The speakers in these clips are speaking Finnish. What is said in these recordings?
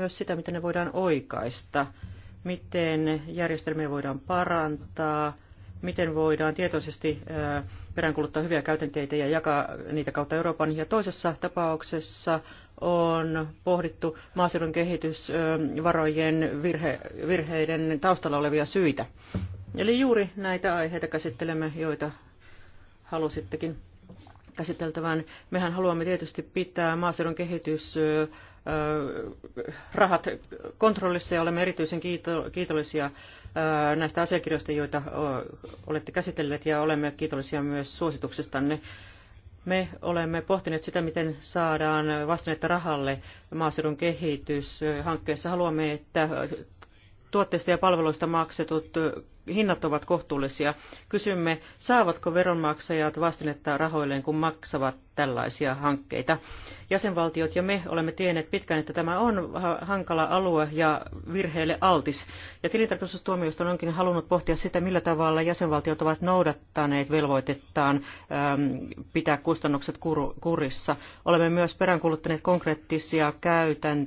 myös sitä, miten ne voidaan oikaista, miten järjestelmiä voidaan parantaa, miten voidaan tietoisesti peräänkuluttaa hyviä käytänteitä ja jakaa niitä kautta Euroopan. Ja toisessa tapauksessa on pohdittu maaseudun kehitysvarojen virhe, virheiden taustalla olevia syitä. Eli juuri näitä aiheita käsittelemme, joita halusittekin käsiteltävän. Mehän haluamme tietysti pitää maaseudun kehitys rahat kontrollissa ja olemme erityisen kiitollisia näistä asiakirjoista, joita olette käsitelleet ja olemme kiitollisia myös suosituksestanne. Me olemme pohtineet sitä, miten saadaan vastinetta rahalle maaseudun kehityshankkeessa. Haluamme, että tuotteista ja palveluista maksetut hinnat ovat kohtuullisia. Kysymme, saavatko veronmaksajat vastinetta rahoilleen, kun maksavat tällaisia hankkeita. Jäsenvaltiot ja me olemme tienneet pitkään, että tämä on hankala alue ja virheelle altis. Ja tilintarkastustuomioistuin onkin halunnut pohtia sitä, millä tavalla jäsenvaltiot ovat noudattaneet velvoitettaan ähm, pitää kustannukset kurissa. Olemme myös peräänkuluttaneet konkreettisia käytän,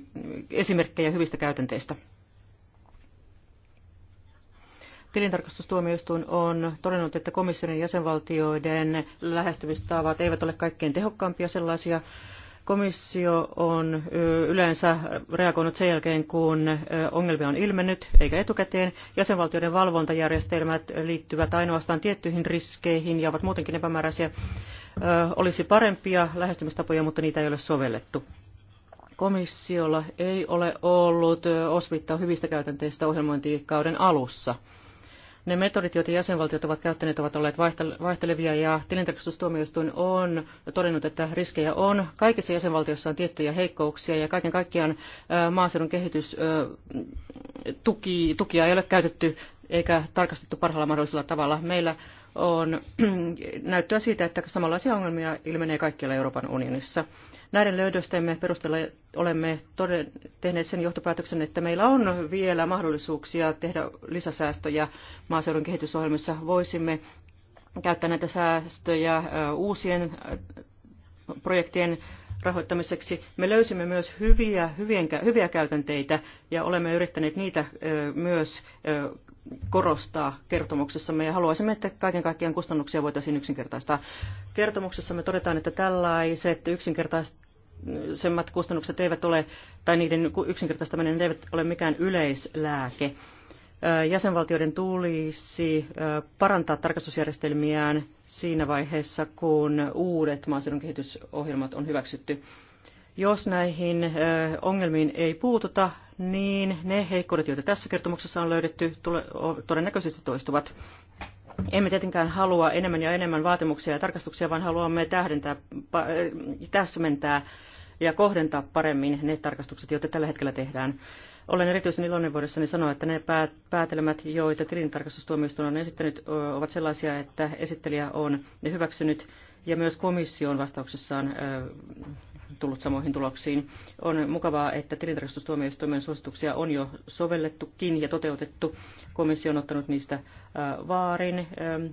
esimerkkejä hyvistä käytänteistä. Tilintarkastustuomioistuin on todennut, että komission jäsenvaltioiden lähestymistavat eivät ole kaikkein tehokkaampia sellaisia. Komissio on yleensä reagoinut sen jälkeen, kun ongelmia on ilmennyt, eikä etukäteen. Jäsenvaltioiden valvontajärjestelmät liittyvät ainoastaan tiettyihin riskeihin ja ovat muutenkin epämääräisiä. Olisi parempia lähestymistapoja, mutta niitä ei ole sovellettu komissiolla ei ole ollut osvittaa hyvistä käytänteistä ohjelmointikauden alussa. Ne metodit, joita jäsenvaltiot ovat käyttäneet, ovat olleet vaihtelevia ja tilintarkastustuomioistuin on todennut, että riskejä on. Kaikissa jäsenvaltioissa on tiettyjä heikkouksia ja kaiken kaikkiaan maaseudun kehitystukia ei ole käytetty eikä tarkastettu parhaalla mahdollisella tavalla. Meillä on näyttöä siitä, että samanlaisia ongelmia ilmenee kaikkialla Euroopan unionissa. Näiden löydöstemme perusteella olemme toden, tehneet sen johtopäätöksen, että meillä on vielä mahdollisuuksia tehdä lisäsäästöjä maaseudun kehitysohjelmissa. Voisimme käyttää näitä säästöjä uusien projektien rahoittamiseksi. Me löysimme myös hyviä, hyvien, hyviä käytänteitä ja olemme yrittäneet niitä myös korostaa kertomuksessamme ja haluaisimme, että kaiken kaikkiaan kustannuksia voitaisiin yksinkertaistaa. Kertomuksessamme todetaan, että tällaiset yksinkertaisemmat kustannukset eivät ole, tai niiden yksinkertaistaminen eivät ole mikään yleislääke jäsenvaltioiden tulisi parantaa tarkastusjärjestelmiään siinä vaiheessa, kun uudet maaseudun kehitysohjelmat on hyväksytty. Jos näihin ongelmiin ei puututa, niin ne heikkoudet, joita tässä kertomuksessa on löydetty, todennäköisesti toistuvat. Emme tietenkään halua enemmän ja enemmän vaatimuksia ja tarkastuksia, vaan haluamme tähdentää, täsmentää ja kohdentaa paremmin ne tarkastukset, joita tällä hetkellä tehdään. Olen erityisen iloinen voidessani sanoa, että ne päätelmät, joita tilintarkastustuomioistuin on esittänyt, ovat sellaisia, että esittelijä on ne hyväksynyt ja myös komissio on vastauksessaan tullut samoihin tuloksiin. On mukavaa, että tilintarkastustuomioistuimen suosituksia on jo sovellettukin ja toteutettu. Komissio on ottanut niistä vaarin.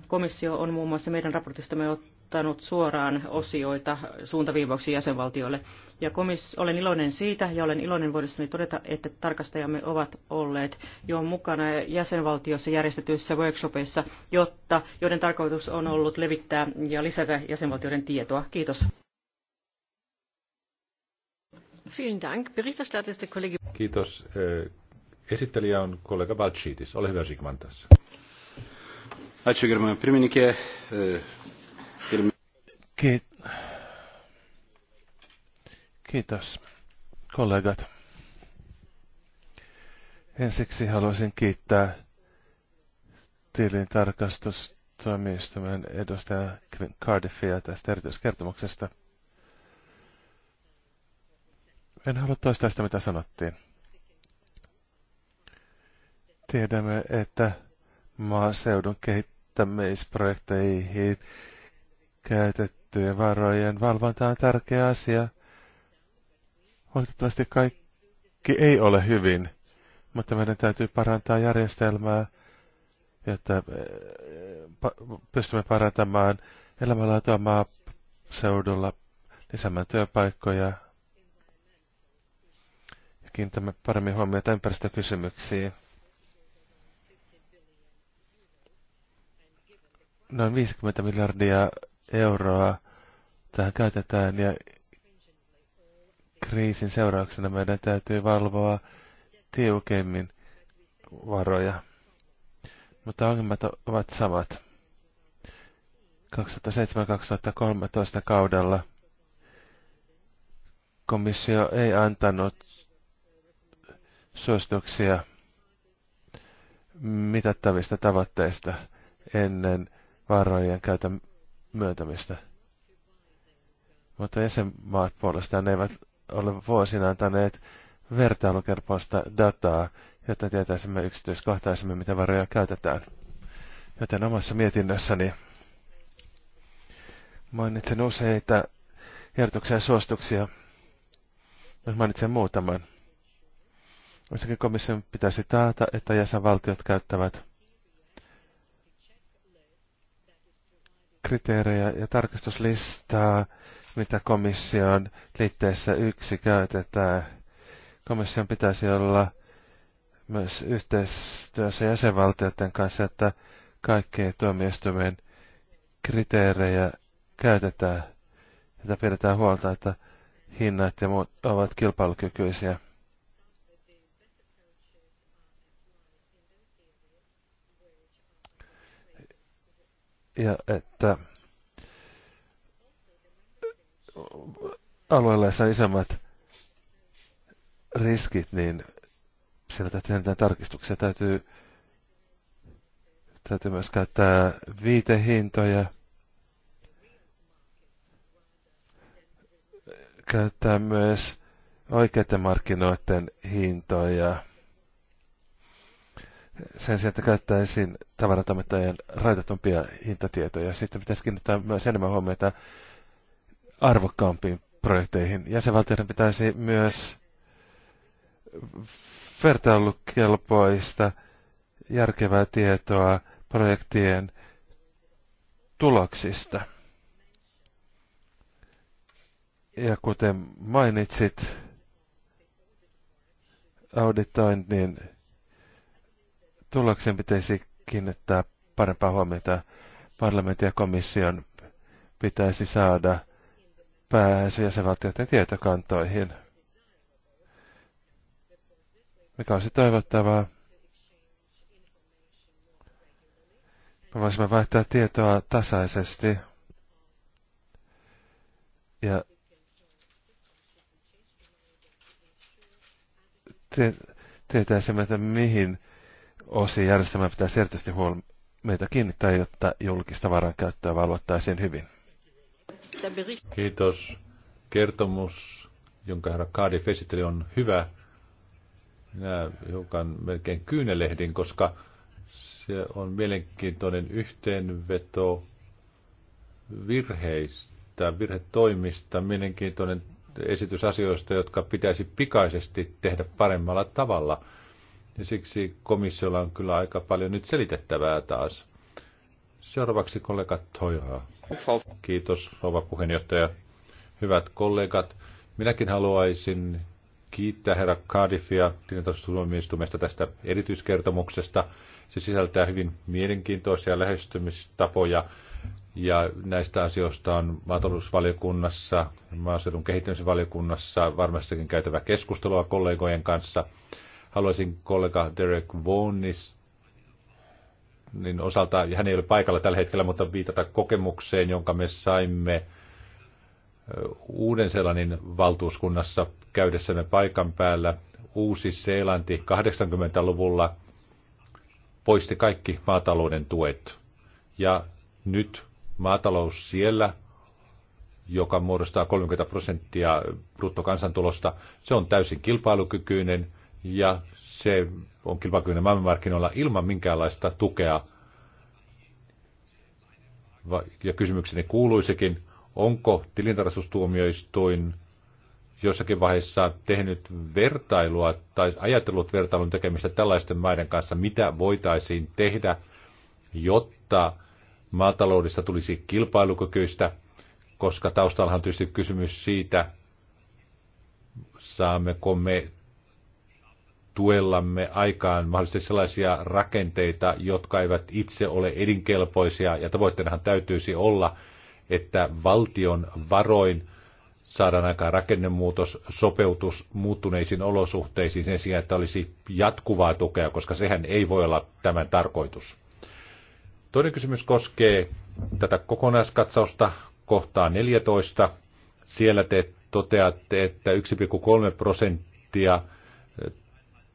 Komissio on muun muassa meidän raportistamme ottanut ehdottanut suoraan osioita suuntaviivauksia jäsenvaltioille. Ja komis, olen iloinen siitä ja olen iloinen voidessani todeta, että tarkastajamme ovat olleet jo mukana jäsenvaltiossa järjestetyissä workshopeissa, jotta, joiden tarkoitus on ollut levittää ja lisätä jäsenvaltioiden tietoa. Kiitos. Kiitos. Äh, esittelijä on kollega Valtsiitis. Ole hyvä Sigmantas. tässä. Ačiū, Kiitos, kollegat. Ensiksi haluaisin kiittää tilin tarkastustoimistomen edustaja Cardiffia tästä erityiskertomuksesta. En halua toistaa sitä, mitä sanottiin. Tiedämme, että maaseudun kehittämisprojekteihin käytetään kerättyjen varojen valvonta on tärkeä asia. Valitettavasti kaikki ei ole hyvin, mutta meidän täytyy parantaa järjestelmää, jotta eh, pystymme parantamaan elämänlaatua maaseudulla, lisäämään työpaikkoja ja kiinnitämme paremmin huomiota ympäristökysymyksiin. noin 50 miljardia euroa tähän käytetään ja kriisin seurauksena meidän täytyy valvoa tiukemmin varoja. Mutta ongelmat ovat samat. 2007-2013 kaudella komissio ei antanut suosituksia mitattavista tavoitteista ennen varojen käytön myöntämistä. Mutta jäsenmaat puolestaan eivät ole vuosina antaneet vertailukelpoista dataa, jotta tietäisimme yksityiskohtaisemmin, mitä varoja käytetään. Joten omassa mietinnössäni mainitsen useita ehdotuksia ja suostuksia. Nyt mainitsen muutaman. Ensinnäkin komission pitäisi taata, että jäsenvaltiot käyttävät kriteerejä ja tarkastuslistaa, mitä komission liitteessä yksi käytetään. Komission pitäisi olla myös yhteistyössä jäsenvaltioiden kanssa, että kaikkien tuomioistuimen kriteerejä käytetään, että pidetään huolta, että hinnat ja muut ovat kilpailukykyisiä. Ja että jossa on isommat riskit, niin siellä täytyy tehdä tarkistuksia. Täytyy, täytyy myös käyttää viitehintoja, käyttää myös oikeiden markkinoiden hintoja. Sen sijaan, että käyttäisiin tavaratoimittajien raitatumpia hintatietoja. Sitten pitäisi kiinnittää myös enemmän huomiota arvokkaampiin projekteihin. Jäsenvaltioiden pitäisi myös vertailukelpoista järkevää tietoa projektien tuloksista. Ja kuten mainitsit, auditoinnin tuloksen pitäisi kiinnittää parempaa huomiota parlamentin ja komission pitäisi saada pääsy jäsenvaltioiden tietokantoihin, mikä olisi toivottavaa. Me voisimme vaihtaa tietoa tasaisesti ja tietäisimme, että mihin osiin järjestelmää pitäisi erityisesti huol- meitä kiinnittää, jotta julkista varankäyttöä valvottaisiin hyvin. Kiitos. Kertomus, jonka herra Kaadi esitteli, on hyvä. Minä hiukan melkein kyynelehdin, koska se on mielenkiintoinen yhteenveto virheistä, virhetoimista, mielenkiintoinen esitys asioista, jotka pitäisi pikaisesti tehdä paremmalla tavalla. Ja siksi komissiolla on kyllä aika paljon nyt selitettävää taas. Seuraavaksi kollega Toiraa. Kiitos, rouva puheenjohtaja. Hyvät kollegat, minäkin haluaisin kiittää herra Cardiffia tilintarkastustuomioistuimesta tästä erityiskertomuksesta. Se sisältää hyvin mielenkiintoisia lähestymistapoja ja näistä asioista on maatalousvaliokunnassa, maaseudun kehittämisvaliokunnassa varmastikin käytävä keskustelua kollegojen kanssa. Haluaisin kollega Derek Vaughnista niin osalta, hän ei ole paikalla tällä hetkellä, mutta viitata kokemukseen, jonka me saimme uuden seelannin valtuuskunnassa käydessämme paikan päällä. Uusi-Seelanti 80-luvulla poisti kaikki maatalouden tuet. Ja nyt maatalous siellä, joka muodostaa 30 prosenttia bruttokansantulosta, se on täysin kilpailukykyinen ja se on kilpailukykyinen maailmanmarkkinoilla ilman minkäänlaista tukea. Ja kysymykseni kuuluisikin, onko tilintarkastustuomioistuin jossakin vaiheessa tehnyt vertailua tai ajatellut vertailun tekemistä tällaisten maiden kanssa, mitä voitaisiin tehdä, jotta maataloudesta tulisi kilpailukykyistä, koska taustallahan on tietysti kysymys siitä, saammeko me tuellamme aikaan mahdollisesti sellaisia rakenteita, jotka eivät itse ole edinkelpoisia, ja tavoitteenahan täytyisi olla, että valtion varoin saadaan aikaan rakennemuutos, sopeutus muuttuneisiin olosuhteisiin sen sijaan, että olisi jatkuvaa tukea, koska sehän ei voi olla tämän tarkoitus. Toinen kysymys koskee tätä kokonaiskatsausta kohtaa 14. Siellä te toteatte, että 1,3 prosenttia –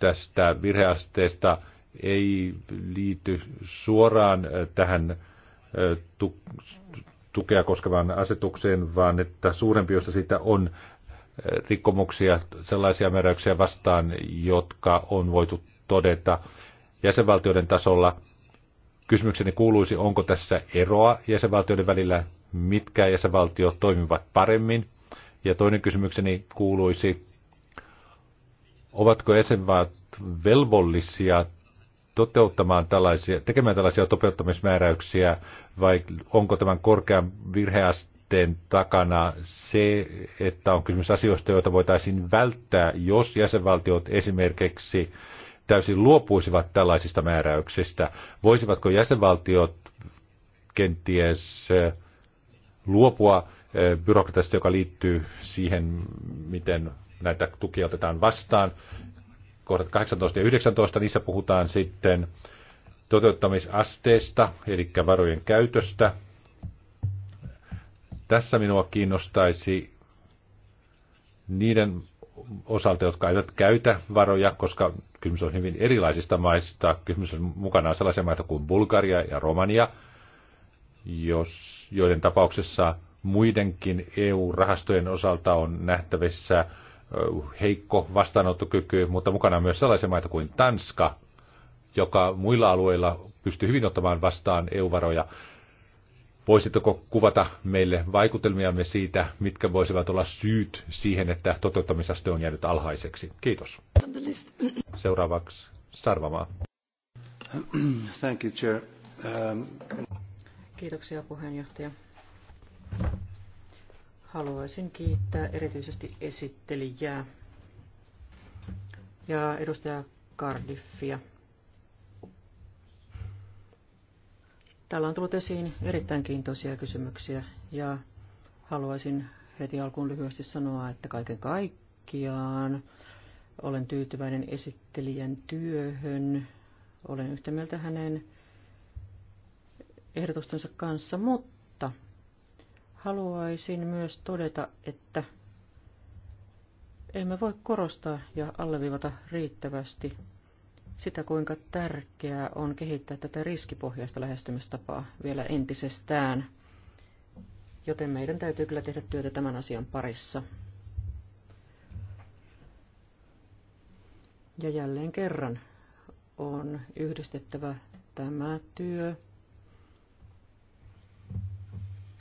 tästä virheasteesta ei liity suoraan äh, tähän äh, tukea koskevaan asetukseen, vaan että suurempi osa siitä on äh, rikkomuksia sellaisia määräyksiä vastaan, jotka on voitu todeta jäsenvaltioiden tasolla. Kysymykseni kuuluisi, onko tässä eroa jäsenvaltioiden välillä, mitkä jäsenvaltiot toimivat paremmin. Ja toinen kysymykseni kuuluisi, Ovatko jäsenmaat velvollisia toteuttamaan tällaisia, tekemään tällaisia topeuttamismääräyksiä vai onko tämän korkean virheasteen takana se, että on kysymys asioista, joita voitaisiin välttää, jos jäsenvaltiot esimerkiksi täysin luopuisivat tällaisista määräyksistä? Voisivatko jäsenvaltiot kenties luopua byrokratiasta, joka liittyy siihen, miten näitä tukia otetaan vastaan. Kohdat 18 ja 19, niissä puhutaan sitten toteuttamisasteesta, eli varojen käytöstä. Tässä minua kiinnostaisi niiden osalta, jotka eivät käytä varoja, koska kysymys on hyvin erilaisista maista. Kysymys on mukana sellaisia maita kuin Bulgaria ja Romania, jos, joiden tapauksessa muidenkin EU-rahastojen osalta on nähtävissä heikko vastaanottokyky, mutta mukana on myös sellaisia maita kuin Tanska, joka muilla alueilla pystyy hyvin ottamaan vastaan EU-varoja. Voisitteko kuvata meille vaikutelmiamme siitä, mitkä voisivat olla syyt siihen, että toteuttamisaste on jäänyt alhaiseksi? Kiitos. Seuraavaksi Sarvamaa. Thank you, chair. Um... Kiitoksia puheenjohtaja. Haluaisin kiittää erityisesti esittelijää ja edustaja Cardiffia. Täällä on tullut esiin erittäin kiintoisia kysymyksiä ja haluaisin heti alkuun lyhyesti sanoa, että kaiken kaikkiaan olen tyytyväinen esittelijän työhön. Olen yhtä mieltä hänen ehdotustensa kanssa, mutta Haluaisin myös todeta, että emme voi korostaa ja alleviivata riittävästi sitä, kuinka tärkeää on kehittää tätä riskipohjaista lähestymistapaa vielä entisestään. Joten meidän täytyy kyllä tehdä työtä tämän asian parissa. Ja jälleen kerran on yhdistettävä tämä työ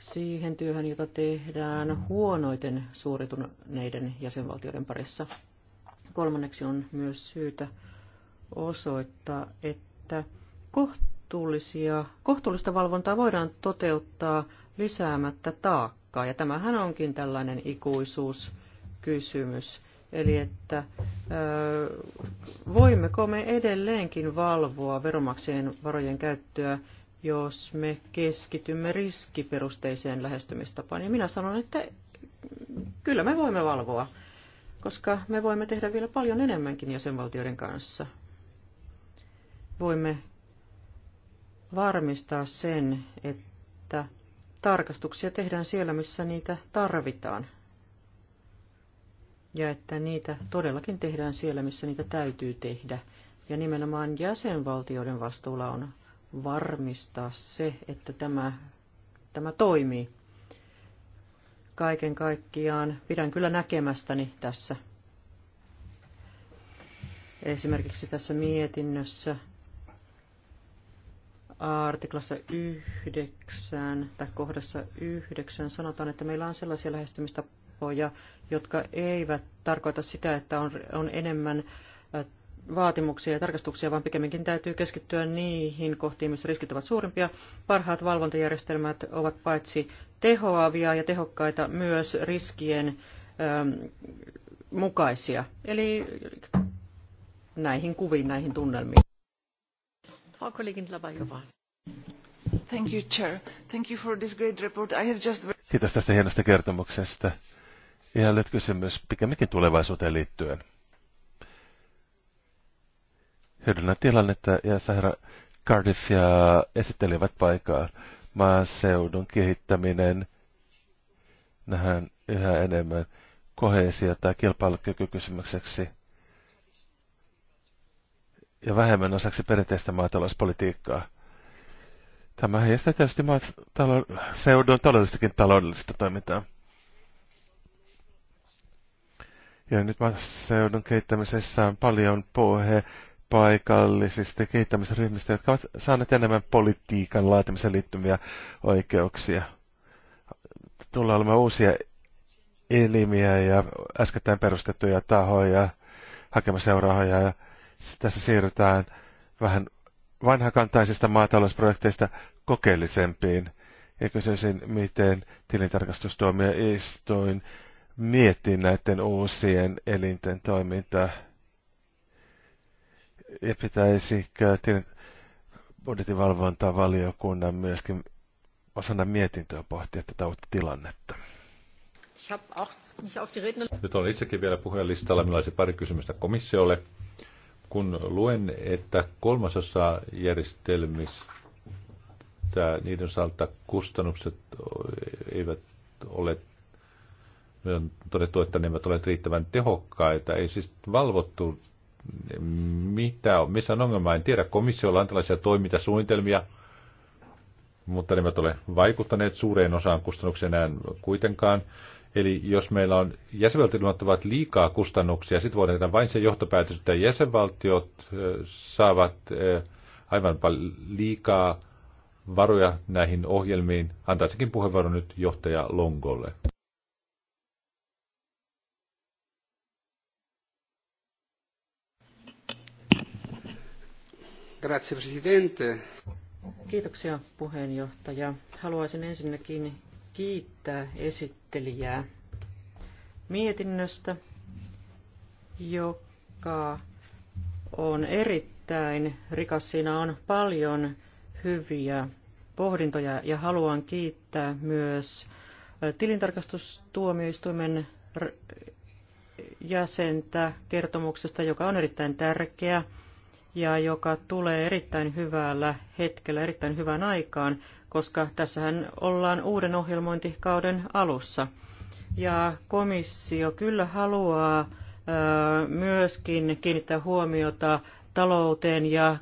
siihen työhön, jota tehdään huonoiten suurituneiden jäsenvaltioiden parissa. Kolmanneksi on myös syytä osoittaa, että kohtuullisia, kohtuullista valvontaa voidaan toteuttaa lisäämättä taakkaa. Ja tämähän onkin tällainen ikuisuuskysymys. Eli että voimmeko me edelleenkin valvoa veromaksien varojen käyttöä jos me keskitymme riskiperusteiseen lähestymistapaan. Ja minä sanon, että kyllä me voimme valvoa, koska me voimme tehdä vielä paljon enemmänkin jäsenvaltioiden kanssa. Voimme varmistaa sen, että tarkastuksia tehdään siellä, missä niitä tarvitaan. Ja että niitä todellakin tehdään siellä, missä niitä täytyy tehdä. Ja nimenomaan jäsenvaltioiden vastuulla on varmistaa se, että tämä, tämä toimii. Kaiken kaikkiaan pidän kyllä näkemästäni tässä. Esimerkiksi tässä mietinnössä artiklassa 9 tai kohdassa 9 sanotaan, että meillä on sellaisia lähestymistapoja, jotka eivät tarkoita sitä, että on, on enemmän äh, vaatimuksia ja tarkastuksia, vaan pikemminkin täytyy keskittyä niihin kohtiin, missä riskit ovat suurimpia. Parhaat valvontajärjestelmät ovat paitsi tehoavia ja tehokkaita myös riskien ähm, mukaisia. Eli näihin kuviin, näihin tunnelmiin. Thank you, Chair. Thank you for this great report. I have just... Kiitos tästä hienosta kertomuksesta. Ihan lyhyt kysymys pikemminkin tulevaisuuteen liittyen hyödynnä tilannetta ja Sahara Cardiffia esittelivät paikkaa. Maaseudun kehittäminen nähdään yhä enemmän kohesio- tai kilpailukykykysymykseksi ja vähemmän osaksi perinteistä maatalouspolitiikkaa. Tämä heijastaa tietysti maaseudun todellistakin taloudellista toimintaa. Ja nyt maaseudun kehittämisessä on paljon puhe paikallisista kehittämisryhmistä, jotka ovat saaneet enemmän politiikan laatimiseen liittyviä oikeuksia. Tulee olemaan uusia elimiä ja äskettäin perustettuja tahoja hakemaseurahoja ja tässä siirrytään vähän vanhakantaisista maatalousprojekteista kokeellisempiin. Ja kysyisin, miten tilintarkastustuomioistuin miettii näiden uusien elinten toimintaa ja pitäisikö budjetinvalvontavaliokunnan myöskin osana mietintöä pohtia tätä uutta tilannetta? Nyt on itsekin vielä puheenlistalla, millä olisi pari kysymystä komissiolle. Kun luen, että kolmasosa järjestelmistä niiden osalta kustannukset eivät ole on todettu, että ne eivät ole riittävän tehokkaita. Ei siis valvottu mitä on, missä on ongelma, en tiedä. Komissiolla on tällaisia toimintasuunnitelmia, mutta ne eivät ole vaikuttaneet suureen osaan kustannuksia enää kuitenkaan. Eli jos meillä on jäsenvaltiot ilmoittavat liikaa kustannuksia, sitten voidaan tehdä vain se johtopäätös, että jäsenvaltiot saavat aivan paljon liikaa varoja näihin ohjelmiin. Antaisinkin puheenvuoron nyt johtaja Longolle. Kiitoksia puheenjohtaja. Haluaisin ensinnäkin kiittää esittelijää mietinnöstä, joka on erittäin rikas. Siinä on paljon hyviä pohdintoja ja haluan kiittää myös tilintarkastustuomioistuimen jäsentä kertomuksesta, joka on erittäin tärkeä ja joka tulee erittäin hyvällä hetkellä, erittäin hyvän aikaan, koska tässähän ollaan uuden ohjelmointikauden alussa. Ja komissio kyllä haluaa myöskin kiinnittää huomiota talouteen ja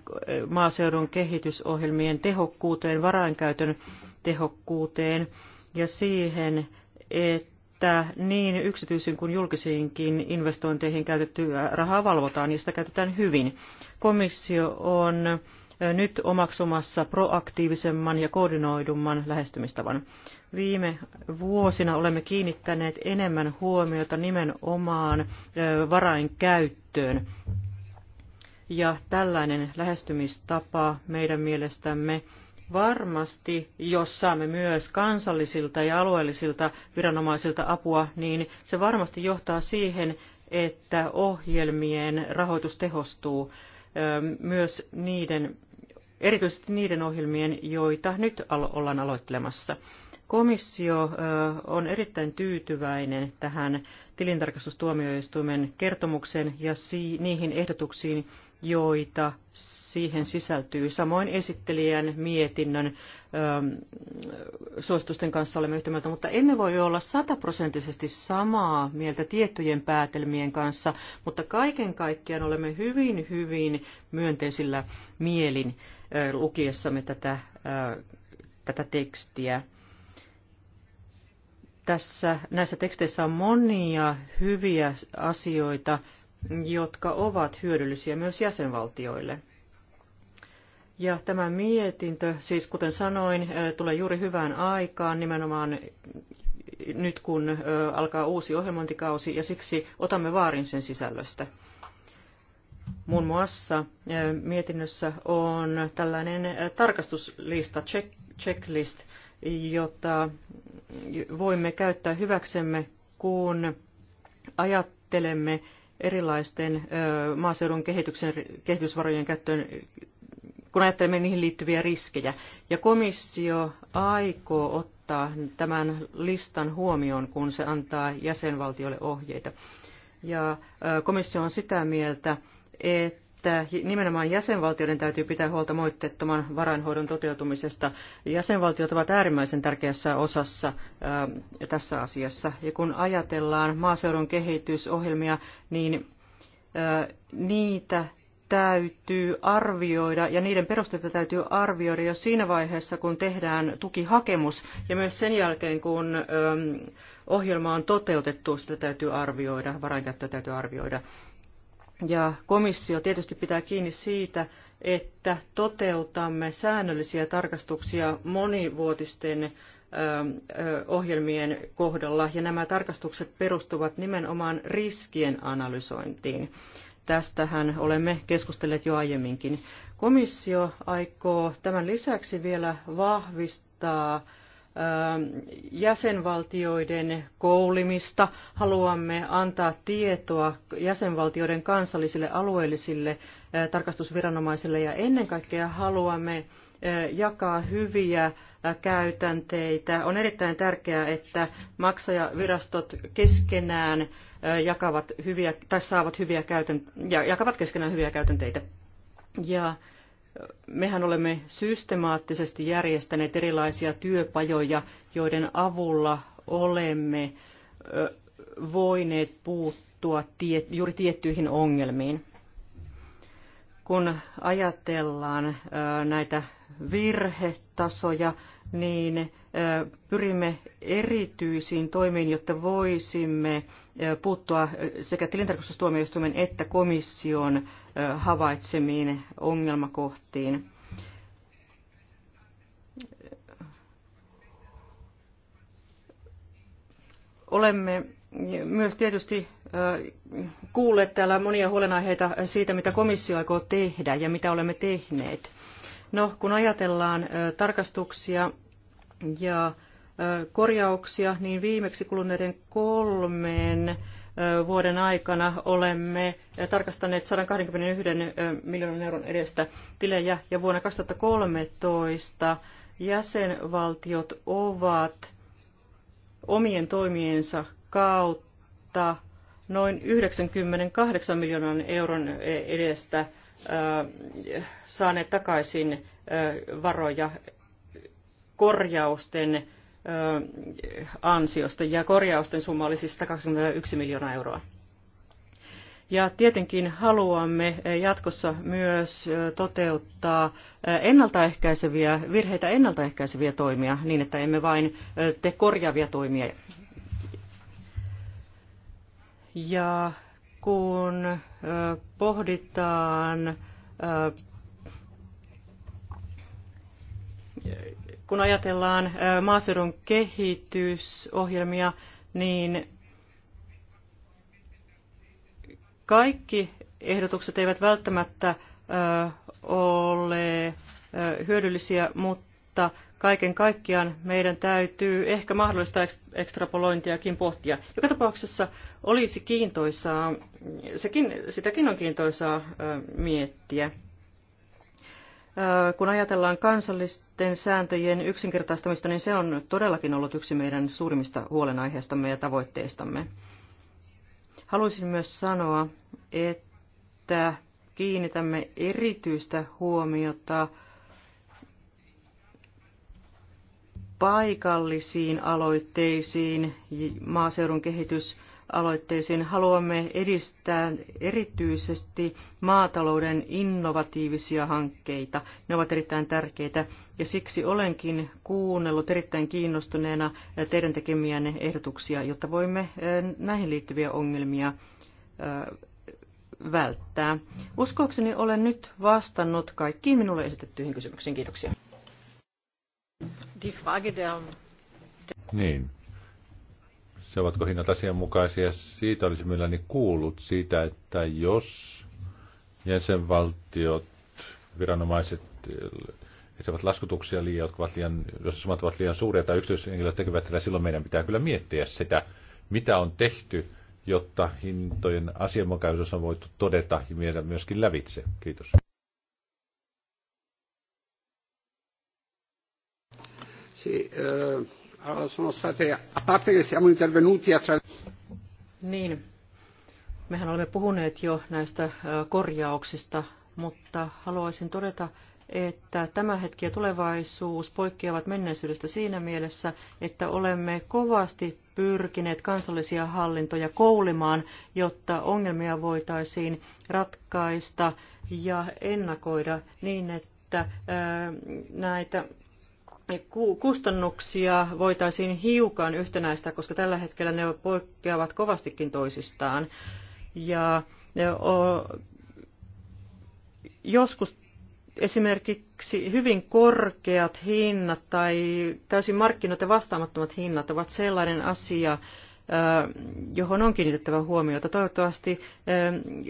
maaseudun kehitysohjelmien tehokkuuteen, varainkäytön tehokkuuteen ja siihen, että että niin yksityisiin kuin julkisiinkin investointeihin käytettyä rahaa valvotaan ja sitä käytetään hyvin. Komissio on nyt omaksumassa proaktiivisemman ja koordinoidumman lähestymistavan. Viime vuosina olemme kiinnittäneet enemmän huomiota nimenomaan varainkäyttöön. Ja tällainen lähestymistapa meidän mielestämme Varmasti, jos saamme myös kansallisilta ja alueellisilta viranomaisilta apua, niin se varmasti johtaa siihen, että ohjelmien rahoitus tehostuu myös niiden, erityisesti niiden ohjelmien, joita nyt ollaan aloittelemassa. Komissio on erittäin tyytyväinen tähän tilintarkastustuomioistuimen kertomukseen ja niihin ehdotuksiin, joita siihen sisältyy. Samoin esittelijän mietinnön ö, ähm, suositusten kanssa olemme yhtä mieltä, mutta emme voi olla sataprosenttisesti samaa mieltä tiettyjen päätelmien kanssa, mutta kaiken kaikkiaan olemme hyvin, hyvin myönteisillä mielin ö, äh, lukiessamme tätä, ö, äh, tätä tekstiä. Tässä, näissä teksteissä on monia hyviä asioita, jotka ovat hyödyllisiä myös jäsenvaltioille. Ja tämä mietintö, siis kuten sanoin, tulee juuri hyvään aikaan nimenomaan nyt kun alkaa uusi ohjelmointikausi ja siksi otamme vaarin sen sisällöstä. Muun muassa mietinnössä on tällainen tarkastuslista, check, checklist, jota voimme käyttää hyväksemme, kun ajattelemme erilaisten maaseudun kehityksen, kehitysvarojen käyttöön, kun ajattelemme niihin liittyviä riskejä. Ja komissio aikoo ottaa tämän listan huomioon, kun se antaa jäsenvaltioille ohjeita. Ja komissio on sitä mieltä, että että nimenomaan jäsenvaltioiden täytyy pitää huolta moitteettoman varainhoidon toteutumisesta. Jäsenvaltiot ovat äärimmäisen tärkeässä osassa tässä asiassa. Ja kun ajatellaan maaseudun kehitysohjelmia, niin niitä täytyy arvioida ja niiden perusteita täytyy arvioida jo siinä vaiheessa, kun tehdään tukihakemus ja myös sen jälkeen, kun ohjelma on toteutettu, sitä täytyy arvioida, varainkäyttöä täytyy arvioida ja komissio tietysti pitää kiinni siitä, että toteutamme säännöllisiä tarkastuksia monivuotisten ohjelmien kohdalla, ja nämä tarkastukset perustuvat nimenomaan riskien analysointiin. Tästähän olemme keskustelleet jo aiemminkin. Komissio aikoo tämän lisäksi vielä vahvistaa Ähm, jäsenvaltioiden koulimista, haluamme antaa tietoa jäsenvaltioiden kansallisille alueellisille äh, tarkastusviranomaisille ja ennen kaikkea haluamme äh, jakaa hyviä äh, käytänteitä. On erittäin tärkeää, että maksajavirastot keskenään jakavat hyviä, tai saavat hyviä käytänteitä, jakavat keskenään hyviä käytänteitä. Ja mehän olemme systemaattisesti järjestäneet erilaisia työpajoja, joiden avulla olemme voineet puuttua juuri tiettyihin ongelmiin. Kun ajatellaan näitä virhetasoja, niin pyrimme erityisiin toimiin, jotta voisimme puuttua sekä tilintarkastustuomioistuimen että komission havaitsemiin ongelmakohtiin. Olemme myös tietysti kuulleet täällä monia huolenaiheita siitä, mitä komissio aikoo tehdä ja mitä olemme tehneet No, kun ajatellaan tarkastuksia ja korjauksia, niin viimeksi kuluneiden kolmen vuoden aikana olemme tarkastaneet 121 miljoonan euron edestä tilejä ja vuonna 2013 jäsenvaltiot ovat omien toimiensa kautta noin 98 miljoonan euron edestä saaneet takaisin varoja korjausten ansiosta, ja korjausten summa oli siis 121 miljoonaa euroa. Ja tietenkin haluamme jatkossa myös toteuttaa ennaltaehkäiseviä, virheitä ennaltaehkäiseviä toimia niin, että emme vain tee korjaavia toimia. Ja kun pohditaan, kun ajatellaan maaseudun kehitysohjelmia, niin kaikki ehdotukset eivät välttämättä ole hyödyllisiä, mutta kaiken kaikkiaan meidän täytyy ehkä mahdollista ekstrapolointiakin pohtia. Joka tapauksessa olisi kiintoisaa, sekin, sitäkin on kiintoisaa miettiä. Kun ajatellaan kansallisten sääntöjen yksinkertaistamista, niin se on todellakin ollut yksi meidän suurimmista huolenaiheistamme ja tavoitteistamme. Haluaisin myös sanoa, että kiinnitämme erityistä huomiota paikallisiin aloitteisiin, maaseudun kehitys- aloitteisiin. Haluamme edistää erityisesti maatalouden innovatiivisia hankkeita. Ne ovat erittäin tärkeitä ja siksi olenkin kuunnellut erittäin kiinnostuneena teidän tekemiänne ehdotuksia, jotta voimme eh, näihin liittyviä ongelmia eh, välttää. Uskoakseni olen nyt vastannut kaikkiin minulle esitettyihin kysymyksiin. Kiitoksia. Niin, se ovatko hinnat asianmukaisia. Siitä olisi mielelläni kuullut siitä, että jos jäsenvaltiot, viranomaiset etsivät laskutuksia liian, jotka ovat liian, jos summat ovat liian suuria tai yksityishenkilöt tekevät tätä, silloin meidän pitää kyllä miettiä sitä, mitä on tehty, jotta hintojen asianmukaisuus on voitu todeta ja viedä myöskin lävitse. Kiitos. Si, uh... Eh, sono state, a parte che siamo intervenuti attraverso... Niin, mehän olemme puhuneet jo näistä korjauksista, mutta haluaisin todeta, että tämä hetki ja tulevaisuus poikkeavat menneisyydestä siinä mielessä, että olemme kovasti pyrkineet kansallisia hallintoja koulimaan, jotta ongelmia voitaisiin ratkaista ja ennakoida niin, että näitä niin kustannuksia voitaisiin hiukan yhtenäistää, koska tällä hetkellä ne poikkeavat kovastikin toisistaan. Ja joskus esimerkiksi hyvin korkeat hinnat tai täysin markkinoiden vastaamattomat hinnat ovat sellainen asia, johon on kiinnitettävä huomiota. Toivottavasti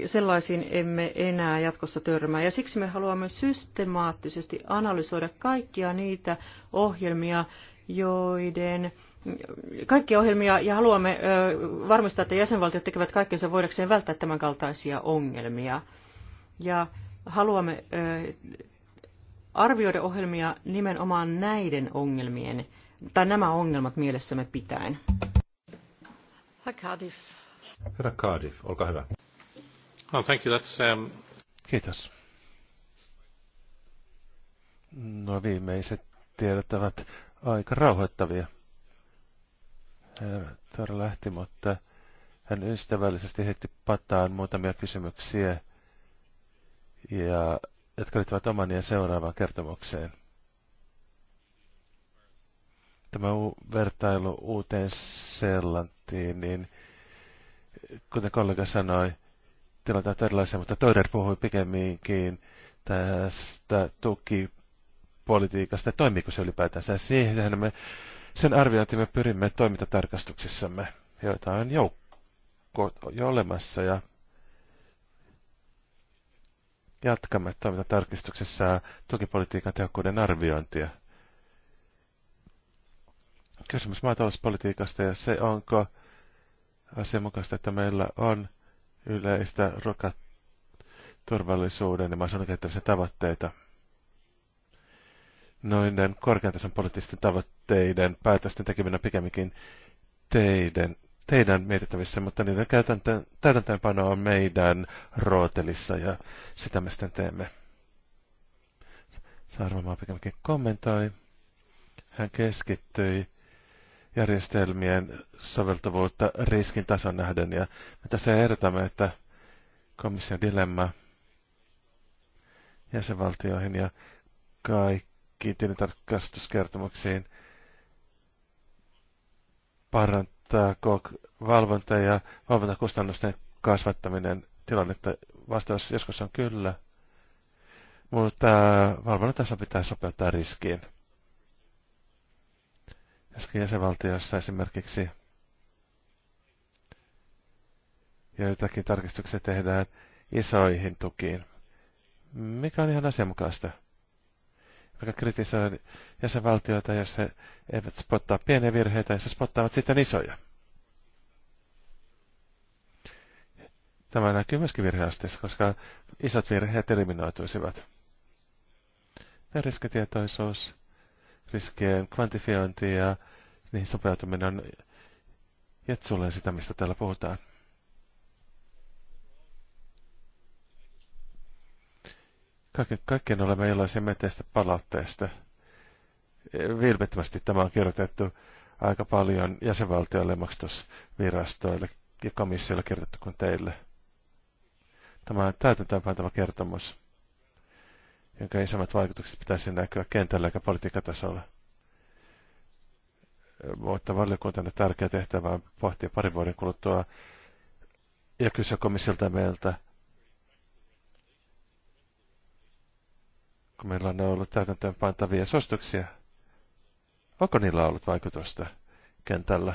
sellaisiin emme enää jatkossa törmää. Ja siksi me haluamme systemaattisesti analysoida kaikkia niitä ohjelmia, joiden kaikkia ohjelmia ja haluamme varmistaa, että jäsenvaltiot tekevät kaikkensa voidakseen välttää tämänkaltaisia ongelmia. Ja haluamme arvioida ohjelmia nimenomaan näiden ongelmien tai nämä ongelmat mielessämme pitäen. Herra Cardiff. Herra Cardiff, olkaa hyvä. No, thank you. That's, um... Kiitos. No viimeiset tiedot ovat aika rauhoittavia. Herra lähti, mutta hän ystävällisesti heitti pataan muutamia kysymyksiä, ja, jotka liittyvät omani ja seuraavaan kertomukseen tämä vertailu uuteen sellantiin, niin kuten kollega sanoi, tilanteet erilaisia, mutta Toider puhui pikemminkin tästä tukipolitiikasta, toimiiko se ylipäätänsä. Siihen me, sen arviointi me pyrimme toimintatarkastuksissamme, joita on joukko jo olemassa ja jatkamme toimintatarkistuksessa tukipolitiikan tehokkuuden arviointia kysymys maatalouspolitiikasta ja se, onko asianmukaista, että meillä on yleistä ruokaturvallisuuden ja maaseudun kehittämisen tavoitteita noiden korkean tason poliittisten tavoitteiden päätösten tekeminen pikemminkin teidän, teidän mietittävissä, mutta niiden täytäntöönpano on meidän rootelissa ja sitä me sitten teemme. Saarvamaa pikemminkin kommentoi. Hän keskittyi järjestelmien soveltuvuutta riskin tason nähden. Ja me tässä ehdotamme, että komission dilemma jäsenvaltioihin ja kaikkiin tilintarkastuskertomuksiin parantaa valvonta ja valvontakustannusten kasvattaminen tilannetta. Vastaus joskus on kyllä, mutta valvonnan taso pitää sopeuttaa riskiin jossakin jäsenvaltioissa esimerkiksi, ja jotakin tarkistuksia tehdään isoihin tukiin, mikä on ihan asianmukaista. Mikä kritisoi jäsenvaltioita, jos he eivät spottaa pieniä virheitä, jos he spottaavat sitten isoja. Tämä näkyy myöskin virheastissa, koska isot virheet eliminoituisivat. Ja riskitietoisuus, riskien kvantifiointi ja niin sopeutuminen on jetsulleen sitä, mistä täällä puhutaan. Kaiken, kaikkien olemme iloisia meteistä palautteesta. Vilpittömästi tämä on kirjoitettu aika paljon jäsenvaltioille, maksatusvirastoille ja komissiolle kirjoitettu kuin teille. Tämä on tämä kertomus, jonka isommat vaikutukset pitäisi näkyä kentällä eikä politiikkatasolla mutta valiokuntana tärkeä tehtävä pohtia parin vuoden kuluttua ja kysyä komissiolta meiltä, kun meillä on ollut täytäntöön pantavia suosituksia. Onko niillä ollut vaikutusta kentällä?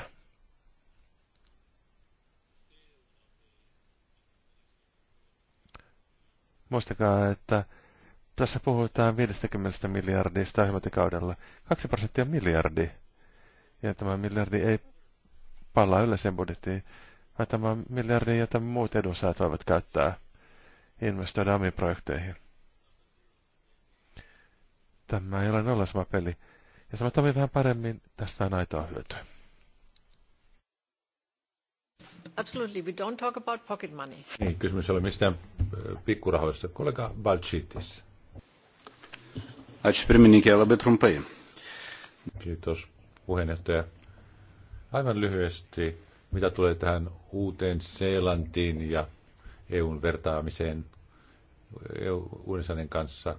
Muistakaa, että tässä puhutaan 50 miljardista hyvätikaudella. 2 prosenttia miljardi. miljardia. Ja tämä miljardi ei palaa sen budjettiin, vaan tämä miljardi, jota muut edunsaat voivat käyttää investoida omiin projekteihin. Tämä ei ole nollasma peli. ja sama toimii vähän paremmin, tästä on aitoa hyötyä. Absolutely, we don't talk about pocket money. Niin, kysymys oli mistään äh, pikkurahoista. Kollega Balchitis. Ačiū pirmininkė, labai trumpai. Kiitos puheenjohtaja. Aivan lyhyesti, mitä tulee tähän uuteen Seelantiin ja EUn vertaamiseen Uudensanen kanssa.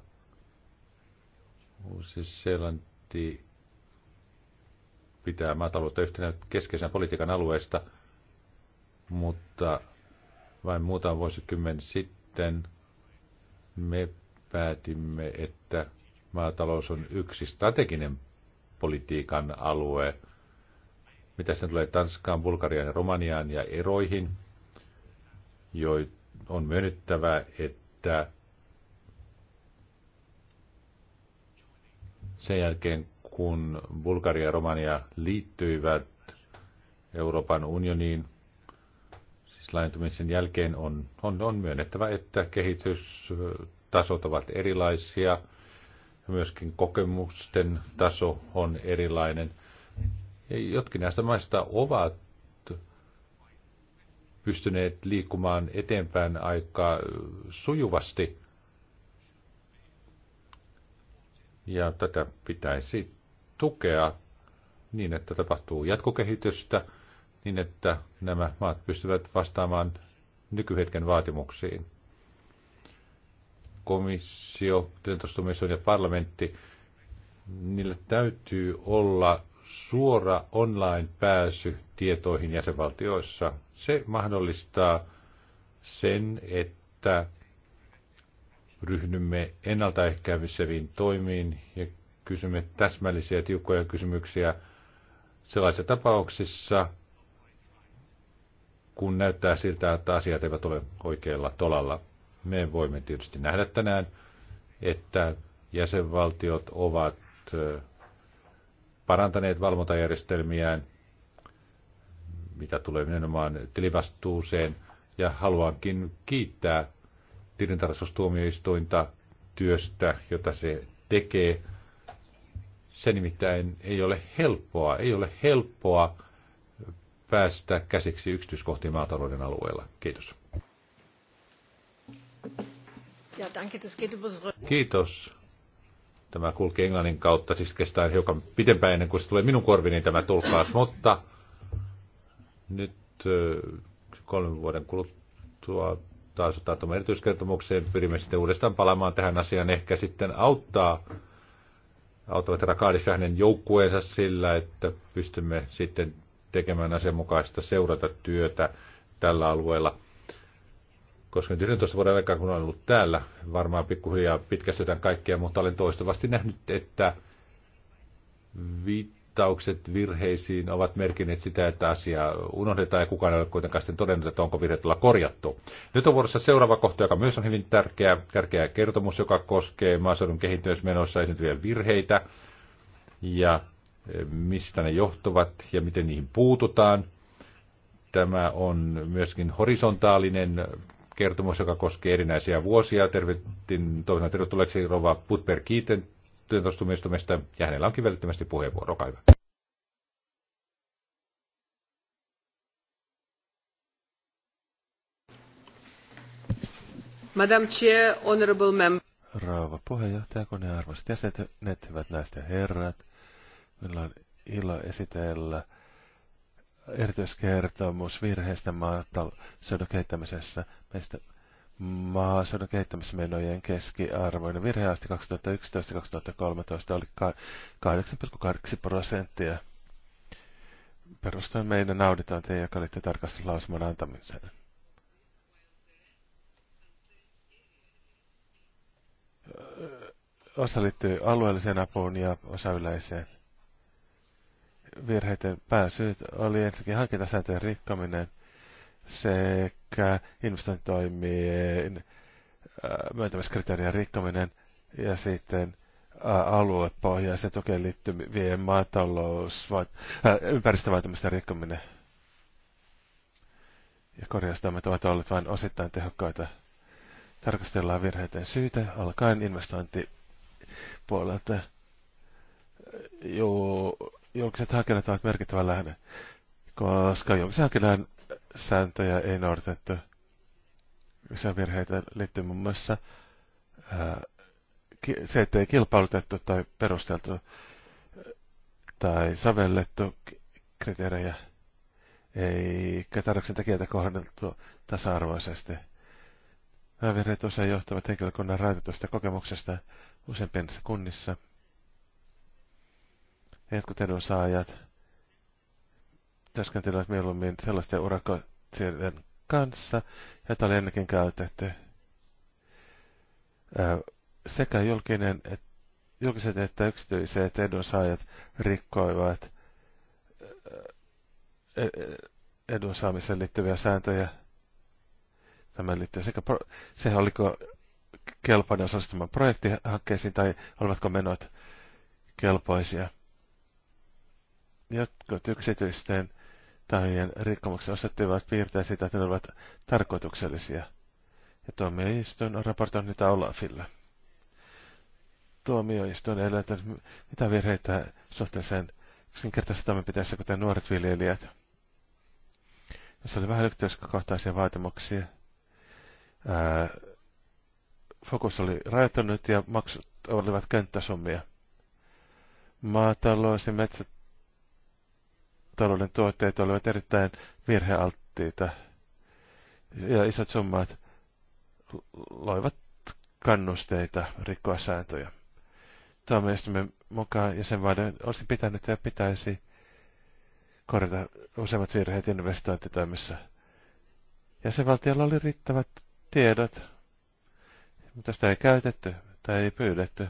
Uusi Seelanti pitää maataloutta yhtenä keskeisenä politiikan alueesta, mutta vain muutama vuosikymmen sitten me päätimme, että maatalous on yksi strateginen politiikan alue. Mitä sen tulee Tanskaan, Bulgariaan ja Romaniaan ja eroihin, joita on myönnettävä, että sen jälkeen kun Bulgaria ja Romania liittyivät Euroopan unioniin, siis laajentumisen jälkeen on, on, on myönnettävä, että kehitystasot ovat erilaisia – myöskin kokemusten taso on erilainen. Jotkin näistä maista ovat pystyneet liikkumaan eteenpäin aika sujuvasti. Ja tätä pitäisi tukea niin, että tapahtuu jatkokehitystä, niin että nämä maat pystyvät vastaamaan nykyhetken vaatimuksiin komissio, tilintarkastustuomioistuin ja parlamentti, niillä täytyy olla suora online-pääsy tietoihin jäsenvaltioissa. Se mahdollistaa sen, että ryhdymme ennaltaehkäiseviin toimiin ja kysymme täsmällisiä tiukkoja kysymyksiä sellaisissa tapauksissa, kun näyttää siltä, että asiat eivät ole oikealla tolalla. Me voimme tietysti nähdä tänään, että jäsenvaltiot ovat parantaneet valvontajärjestelmiään, mitä tulee nimenomaan tilivastuuseen, ja haluankin kiittää tilintarkastustuomioistuinta työstä, jota se tekee. Se nimittäin ei ole helppoa, ei ole helppoa päästä käsiksi yksityiskohtiin maatalouden alueella. Kiitos. Kiitos. Tämä kulki englannin kautta, siis kestää hiukan pitempään ennen kuin se tulee minun korvini niin tämä tulkaus, mutta nyt kolmen vuoden kuluttua taas ottaa tuon erityiskertomukseen. Pyrimme sitten uudestaan palaamaan tähän asiaan. Ehkä sitten auttaa, auttavat Rakadis ja hänen joukkueensa sillä, että pystymme sitten tekemään asianmukaista seurata työtä tällä alueella koska nyt 11 vuoden aikaa, kun olen ollut täällä, varmaan pikkuhiljaa pitkästytän kaikkia, mutta olen toistuvasti nähnyt, että viittaukset virheisiin ovat merkinneet sitä, että asia unohdetaan ja kukaan ei ole kuitenkaan sitten todennut, että onko virhe tulla korjattu. Nyt on vuorossa seuraava kohta, joka myös on hyvin tärkeä, tärkeä kertomus, joka koskee maaseudun kehittymismenossa esiintyviä virheitä ja eh, mistä ne johtuvat ja miten niihin puututaan. Tämä on myöskin horisontaalinen kertomus, joka koskee erinäisiä vuosia. Tervetin toivona tervetulleeksi Rova Putper Kiiten työntostumistumista ja hänellä onkin välittömästi puheenvuoro. Olkaa hyvä. Madam Chair, Honorable Member. Rauva puheenjohtaja, kunnianarvoiset jäsenet, hyvät naiset ja herrat. Minulla on ilo esitellä erityiskertomus virheistä maatalouden kehittämisessä – meistä maaseudun kehittämismenojen keskiarvoinen virheasti 2011-2013 oli 8,8 prosenttia. Perustuen meidän auditointiin, joka liittyy tarkastuslausuman antamiseen. Osa liittyy alueelliseen apuun ja osa yleiseen. Virheiden pääsyyt oli ensinnäkin hankintasääntöjen rikkominen – sekä investointitoimien äh, myöntämiskriteerien rikkominen ja sitten äh, aluepohjaisen tukeen liittyvien maatalous, äh, ympäristövaatimusten rikkominen. Ja korjaustoimet ovat olleet vain osittain tehokkaita. Tarkastellaan virheiden syitä alkaen investointipuolelta. Joo, julkiset hankinnat ovat merkittävän lähde, koska julkisen hankinnan sääntöjä ei noudatettu. Isoja virheitä liittyy muun muassa ää, se, että ei kilpailutettu tai perusteltu tai sovellettu kriteerejä, ei tarjouksen tekijöitä kohdeltu tasa-arvoisesti. Nämä virheet usein johtavat henkilökunnan raitetusta kokemuksesta usein pienissä kunnissa. Jotkut edunsaajat työskentelevät mieluummin sellaisten urakoitsijoiden kanssa, joita oli ennenkin käytetty. Sekä julkinen, et, julkiset että yksityiset edunsaajat rikkoivat edunsaamiseen liittyviä sääntöjä. Tämä liittyy sekä pro, sehän oliko kelpoinen osallistumaan projektihankkeisiin tai olivatko menot kelpoisia. Jotkut yksityisten tahojen rikkomuksen osoittivat piirtää sitä, että ne olivat tarkoituksellisia. Ja tuomioistuin on raportoinut niitä Olafille. Tuomioistuin ei löytänyt mitään virheitä suhteeseen yksinkertaisessa toimenpiteessä, kuten nuoret viljelijät. Tässä oli vähän yksityiskohtaisia vaatimuksia. Ää, fokus oli rajoittunut ja maksut olivat könttäsummia. Maatalous ja metsät talouden tuotteet olivat erittäin virhealttiita. Ja isot summat loivat kannusteita rikkoa sääntöjä. Tuomioistuimen mukaan jäsenvaiden olisi pitänyt ja pitäisi korjata useimmat virheet investointitoimissa. Jäsenvaltiolla oli riittävät tiedot, mutta sitä ei käytetty tai ei pyydetty.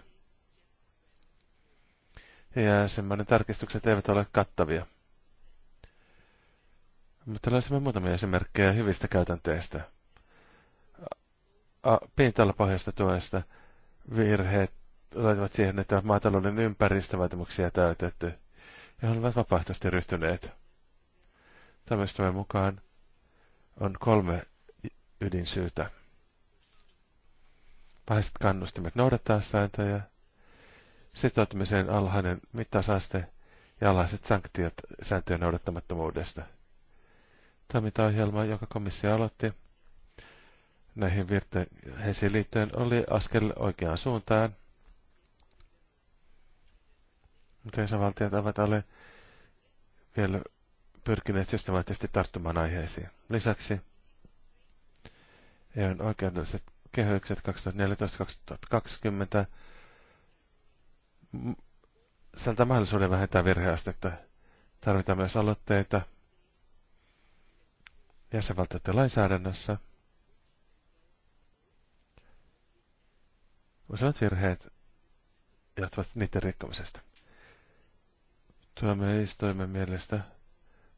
Ja semmoinen tarkistukset eivät ole kattavia. Mutta löysimme muutamia esimerkkejä hyvistä käytänteistä. pohjasta tuesta virheet laitavat siihen, että maatalouden ympäristövaatimuksia täytetty, ja he ovat vapaaehtoisesti ryhtyneet. Tämmöistämme mukaan on kolme ydinsyytä. Vähäiset kannustimet noudattaa sääntöjä, sitoutumiseen alhainen mittausaste ja alhaiset sanktiot sääntöjen noudattamattomuudesta – toimintaohjelma, jonka komissio aloitti näihin virheisiin liittyen, oli askel oikeaan suuntaan. Mutta jäsenvaltiot ovat alle vielä pyrkineet systemaattisesti tarttumaan aiheisiin. Lisäksi EUn oikeudelliset kehykset 2014-2020 sieltä mahdollisuuden vähentää virheastetta. Tarvitaan myös aloitteita – jäsenvaltioiden lainsäädännössä. Useat virheet johtuvat niiden rikkomisesta. Tuomioistuimen mielestä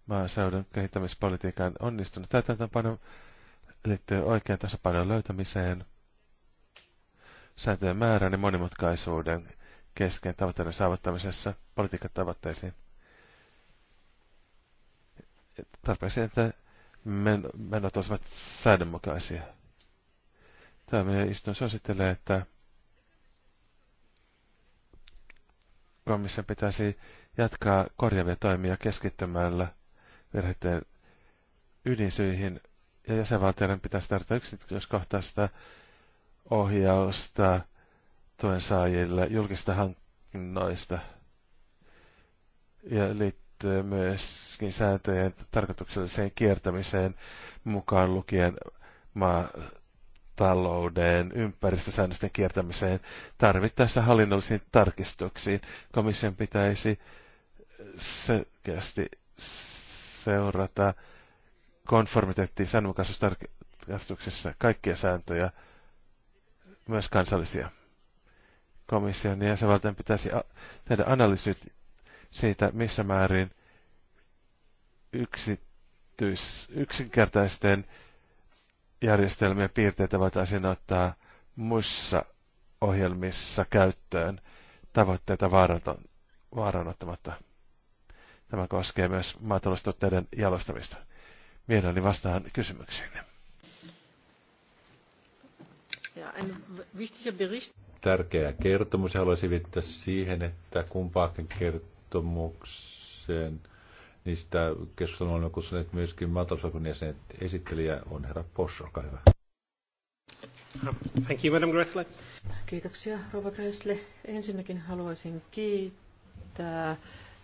maaseudun kehittämispolitiikan onnistunut täytäntöönpano liittyy oikean tasapainon löytämiseen, sääntöjen määrän ja monimutkaisuuden kesken tavoitteiden saavuttamisessa tavoitteisiin. Tarpeeseen, että men, menot olisivat säädönmukaisia. Tämä istun suosittelee, että komission pitäisi jatkaa korjaavia toimia keskittymällä virheiden ydinsyihin ja jäsenvaltioiden pitäisi tarjota yksityiskohtaista ohjausta tuen saajille julkista hankinnoista ja liittyen liittyy myöskin sääntöjen tarkoitukselliseen kiertämiseen mukaan lukien maatalouden ympäristösäännösten kiertämiseen tarvittaessa hallinnollisiin tarkistuksiin. Komission pitäisi selkeästi seurata konformiteettiin säännönmukaisuustarkastuksessa kaikkia sääntöjä, myös kansallisia. Komission jäsenvaltain pitäisi tehdä analyysit siitä, missä määrin yksityis, yksinkertaisten järjestelmien piirteitä voitaisiin ottaa muissa ohjelmissa käyttöön tavoitteita vaaranottamatta. Tämä koskee myös maataloustuotteiden jalostamista. Mielelläni vastaan kysymyksiin. Tärkeä kertomus. Haluaisin viittaa siihen, että kumpaakin kertoo kertomukseen. Niistä keskustelua olemme kutsuneet myöskin maatalousvaliokunnan jäsenet. Esittelijä on herra Posch, olkaa hyvä. Thank you, Madam Gressle. Kiitoksia, Rova Gressle. Ensinnäkin haluaisin kiittää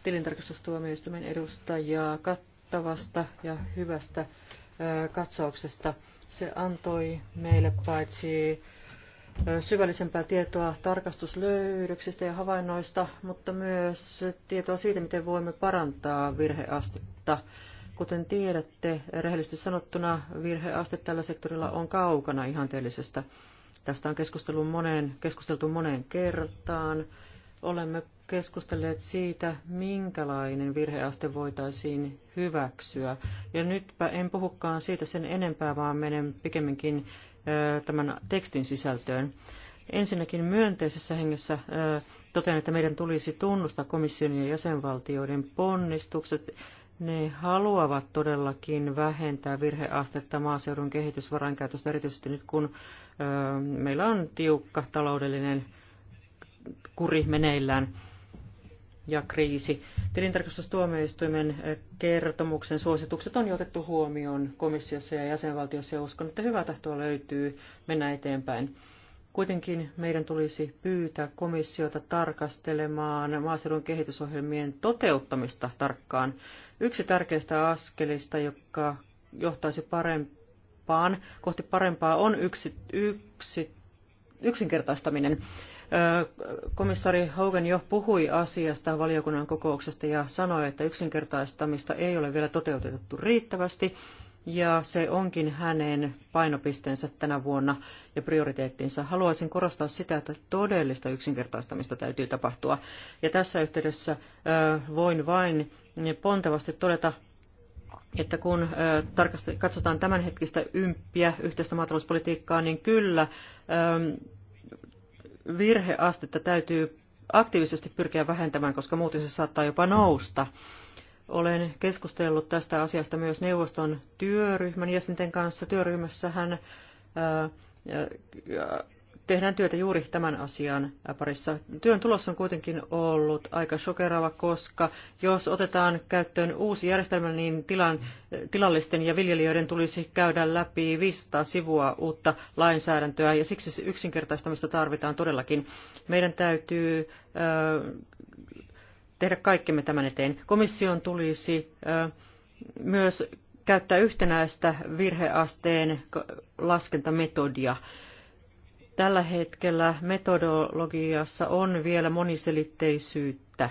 tilintarkastustuomioistuimen edustajaa kattavasta ja hyvästä katsauksesta. Se antoi meille paitsi syvällisempää tietoa tarkastuslöydöksistä ja havainnoista, mutta myös tietoa siitä, miten voimme parantaa virheastetta. Kuten tiedätte, rehellisesti sanottuna virheaste tällä sektorilla on kaukana ihanteellisesta. Tästä on keskusteltu moneen, keskusteltu moneen kertaan. Olemme keskustelleet siitä, minkälainen virheaste voitaisiin hyväksyä. Ja nytpä en puhukaan siitä sen enempää, vaan menen pikemminkin tämän tekstin sisältöön. Ensinnäkin myönteisessä hengessä totean, että meidän tulisi tunnustaa komission ja jäsenvaltioiden ponnistukset. Ne haluavat todellakin vähentää virheastetta maaseudun kehitysvarainkäytöstä, erityisesti nyt kun meillä on tiukka taloudellinen kuri meneillään ja kriisi. Tilintarkastustuomioistuimen eh, kertomuksen suositukset on jo otettu huomioon komissiossa ja jäsenvaltiossa ja uskon, että hyvää tahtoa löytyy mennä eteenpäin. Kuitenkin meidän tulisi pyytää komissiota tarkastelemaan maaseudun kehitysohjelmien toteuttamista tarkkaan. Yksi tärkeistä askelista, joka johtaisi parempaan, kohti parempaa, on yksi, yksi, yksinkertaistaminen. Komissaari Hogan jo puhui asiasta valiokunnan kokouksesta ja sanoi, että yksinkertaistamista ei ole vielä toteutettu riittävästi, ja se onkin hänen painopisteensä tänä vuonna ja prioriteettinsa. Haluaisin korostaa sitä, että todellista yksinkertaistamista täytyy tapahtua. Ja tässä yhteydessä voin vain pontevasti todeta että kun katsotaan tämänhetkistä ympiä yhteistä maatalouspolitiikkaa, niin kyllä virheastetta täytyy aktiivisesti pyrkiä vähentämään, koska muuten se saattaa jopa nousta. Olen keskustellut tästä asiasta myös neuvoston työryhmän jäsenten kanssa. Työryhmässähän tehdään työtä juuri tämän asian parissa. Työn tulos on kuitenkin ollut aika shokeraava, koska jos otetaan käyttöön uusi järjestelmä, niin tilan, tilallisten ja viljelijöiden tulisi käydä läpi 500 sivua uutta lainsäädäntöä, ja siksi yksinkertaistamista tarvitaan todellakin. Meidän täytyy ö, tehdä kaikkemme tämän eteen. Komission tulisi ö, myös käyttää yhtenäistä virheasteen laskentametodia. Tällä hetkellä metodologiassa on vielä moniselitteisyyttä.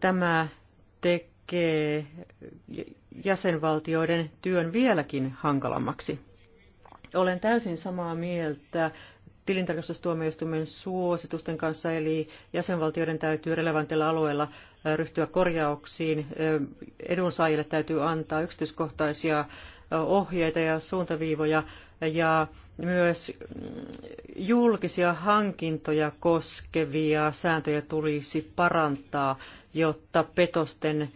Tämä tekee jäsenvaltioiden työn vieläkin hankalammaksi. Olen täysin samaa mieltä tilintarkastustuomioistuimen suositusten kanssa, eli jäsenvaltioiden täytyy relevantilla alueella äh, ryhtyä korjauksiin. Äh, edunsaajille täytyy antaa yksityiskohtaisia ohjeita ja suuntaviivoja ja myös julkisia hankintoja koskevia sääntöjä tulisi parantaa, jotta petosten,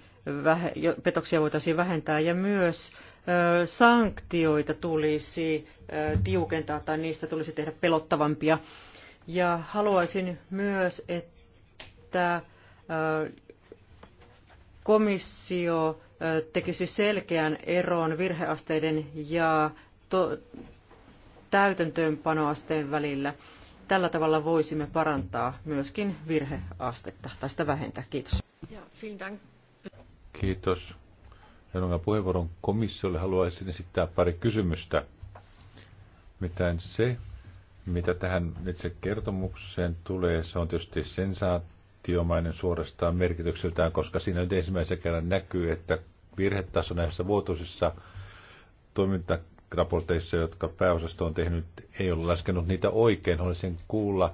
petoksia voitaisiin vähentää ja myös sanktioita tulisi tiukentaa tai niistä tulisi tehdä pelottavampia. Ja haluaisin myös, että komissio tekisi selkeän eron virheasteiden ja to- täytäntöönpanoasteen välillä. Tällä tavalla voisimme parantaa myöskin virheastetta tai sitä vähentää. Kiitos. Ja, dank. Kiitos. Jonka puheenvuoron komissiolle haluaisin esittää pari kysymystä. Mitään se, mitä tähän itse kertomukseen tulee, se on tietysti sensaatio sanktiomainen suorastaan merkitykseltään, koska siinä nyt ensimmäisen kerran näkyy, että virhetaso näissä vuotuisissa toimintaraporteissa, jotka pääosasto on tehnyt, ei ole laskenut niitä oikein. Olisin kuulla